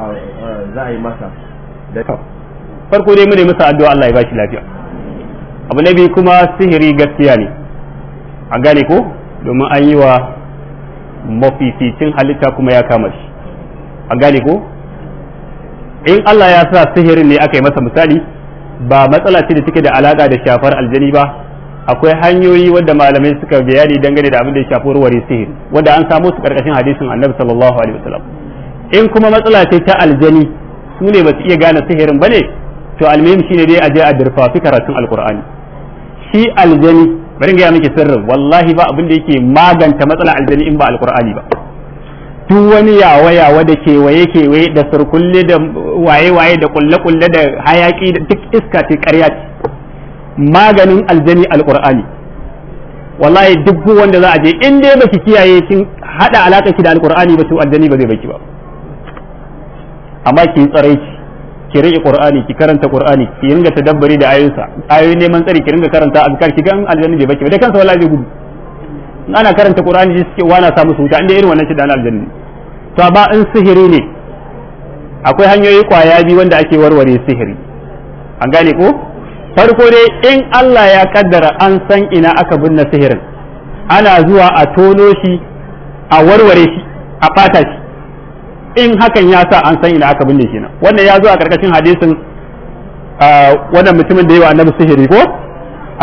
a yi masa farko dai mune masa addu'a Allah ya bashi lafiya abu na biyu kuma sihiri gaskiya ne a gane ko domin an yi wa mafificin halitta kuma ya kama shi a gane ko in Allah ya sa sihirin ne aka yi masa misali ba matsala ce da take da alaka da shafar aljani ba akwai hanyoyi wadda malamai suka bayani dangane da abin da ya shafi warware sihiri wadda an samu su karkashin hadisin annabi sallallahu alaihi wasallam in kuma matsala ce ta aljani su ne ba su iya gane sihirin ba ne to almuhim shine dai a je a dirfafi karatun alqur'ani shi aljani bari ga miki sirrin wallahi ba abin da yake maganta matsala aljani in ba alqur'ani ba duk wani yawa-yawa da kewaye-kewaye da surkulle da waye-waye da kulle-kulle da hayaki da duk iska ce ƙarya ce maganin aljani alƙur'ani wallahi duk wanda za a je in dai baki kiyaye kin hada alaka ki da alƙur'ani ba to aljani ba zai baki ba amma ki tsare ki ki rike qur'ani ki karanta qur'ani ki ringa tadabbari da ayoyinsa ayoyin neman tsari ki ringa karanta azkar ki ga aljani bai baki ba da kansa wallahi zai gudu ana karanta qur'ani sai suke wana samu su wuta inda irin wannan shi da aljanna to ba in sihiri ne akwai hanyoyi kwaya biyu wanda ake warware sihiri an gane ko farko dai in Allah ya kaddara an san ina aka binne sihirin ana zuwa a tono shi a warware shi a fata shi in hakan ya sa an san ina aka binne shi na wannan ya zo a karkashin hadisin ah, wannan mutumin da yawa annabi sihiri ko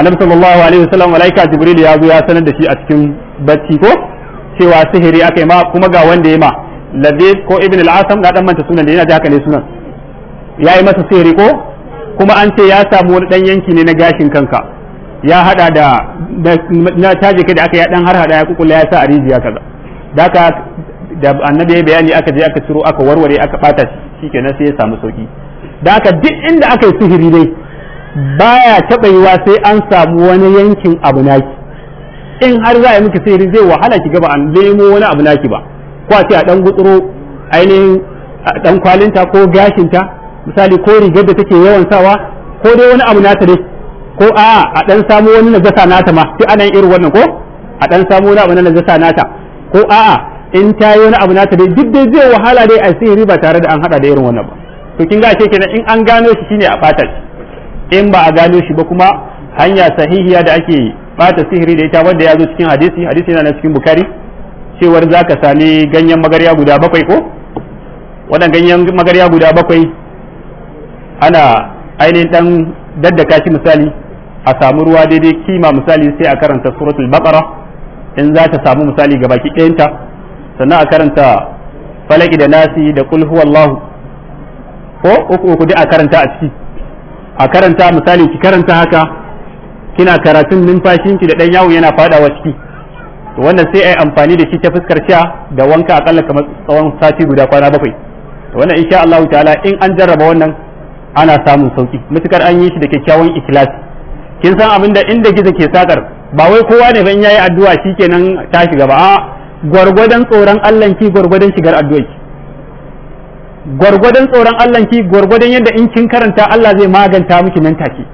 annabi sallallahu alaihi wasallam malaika jibril ya zo ya sanar da shi a cikin bacci ko cewa sihiri aka ma kuma ga wanda ya ma ladhi ko ibn al-asam na dan manta sunan da yana da haka ne sunan ya yi masa sihiri ko kuma an ce ya samu wani dan yanki ne na gashin kanka ya hada da na taje kai da aka ya dan har hada ya kukula ya sa a rijiya kaza da aka da annabi ya bayani aka je aka ciro aka warware aka bata shi kenan sai ya samu sauki da aka duk inda aka yi sihiri dai baya taɓa yiwa sai an samu wani yankin abu naki in har za a yi miki sai zai wahala ki gaba an nemo wani abu naki ba ko a ce a dan gutsuro ainihin dan kwalinta ko gashinta misali ko rigar da take yawan sawa ko dai wani abu nata dai ko a a dan samu wani najasa nata ma sai anan irin wannan ko a dan samu wani abu na najasa nata ko a a in ta yi wani abu nata dai duk dai zai wahala dai a sihiri ba tare da an hada da irin wannan ba to kin ga ce kenan in an gano shi shine a fatar in ba a gano shi ba kuma hanya sahihiya da ake bata sihiri da ita wanda ya zo cikin hadisi hadisi yana cikin bukari cewar za ka sami ganyen magarya guda bakwai ko waɗannan ganyen magarya guda bakwai ana ainihin ɗan daddaka shi misali a samu ruwa daidai kima misali sai a karanta suratul baqara in za ta samu misali ga baki ɗayanta sannan a karanta falaki da nasi da kul huwallahu ko uku uku duk a karanta a ciki a karanta misali ki karanta haka kina karatun numfashinki da dan yawo yana faɗawa ciki to wannan sai ai amfani da shi ta fuskar sha da wanka akalla kamar tsawon sati guda kwana bakwai to wannan insha Allah ta'ala in an jarraba wannan ana samun sauki mutukar an yi shi da kyakkyawan ikhlas kin san abin da inda gizo ke sakar ba wai kowa ne ban yayi addu'a shikenan ta shiga ba a gwargwadon tsoron Allah ki gwargwadon shigar addu'a ki gwargwadon tsoron Allah ki gwargwadon yadda in kin karanta Allah zai maganta miki nan take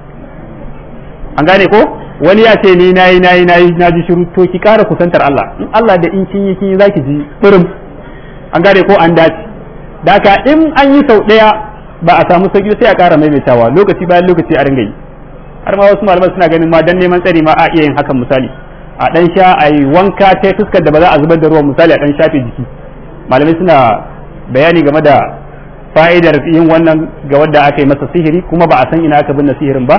an gane ko wani ya ce ni nayi nayi nayi na ji shiru to ki kara kusantar Allah in Allah da in kin yi kin zaki ji furum an gane ko an dace da in an yi sau daya ba a samu sauki sai a kara maimaitawa lokaci bayan lokaci a ringa yi har ma wasu malaman suna ganin ma dan neman tsari ma a iya yin hakan misali a dan sha a yi wanka ta fuskar da ba za a zubar da ruwan misali a dan shafe jiki malamai suna bayani game da fa'idar yin wannan ga wanda aka yi masa sihiri kuma ba a san ina aka binne sihirin ba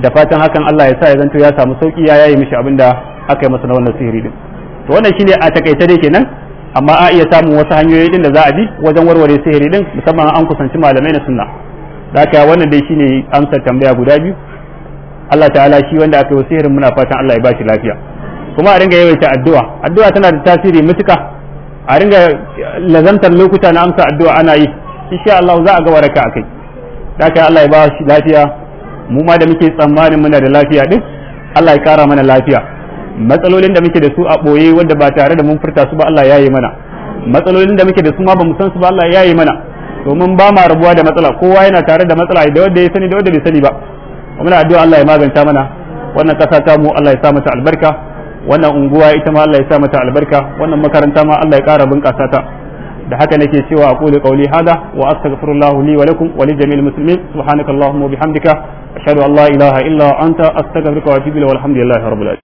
da fatan hakan Allah ya sa ya zanto ya samu sauki ya yayi mishi abinda da aka yi masa na wannan sihiri din to wannan shine a takaice dai kenan amma a iya samun wasu hanyoyi din da za a bi wajen warware sihiri din musamman an kusanci malamai na sunna haka wannan dai shine amsar tambaya guda biyu Allah ta'ala shi wanda aka yi sihirin muna fatan Allah ya ba shi lafiya kuma a ringa yawaita addu'a addu'a tana da tasiri mutuka a ringa lazantar lokuta na amsa addu'a ana yi insha Allah za a ga waraka akai daga Allah ya ba shi lafiya mu ma da muke tsammanin muna da lafiya din Allah ya kara mana lafiya matsalolin da muke da su a boye wanda ba tare da mun furta su ba Allah ya yi mana matsalolin da muke da su ma ba mu san su ba Allah ya yi mana domin ba ma rabuwa da matsala kowa yana tare da matsala da wanda ya sani da wanda bai sani ba muna addu'a Allah ya maganta mana wannan kasa ta mu Allah ya sa mata albarka wannan unguwa ita ma Allah ya sa mata albarka wannan makaranta ma Allah ya kara bunƙasa ta da haka nake cewa aqulu qawli hada wa astaghfirullahu li wa lakum wa li jami'il muslimin subhanakallahumma wa bihamdika ashhadu an la ilaha illa anta astaghfiruka wa atubu ilayk walhamdulillahi rabbil alamin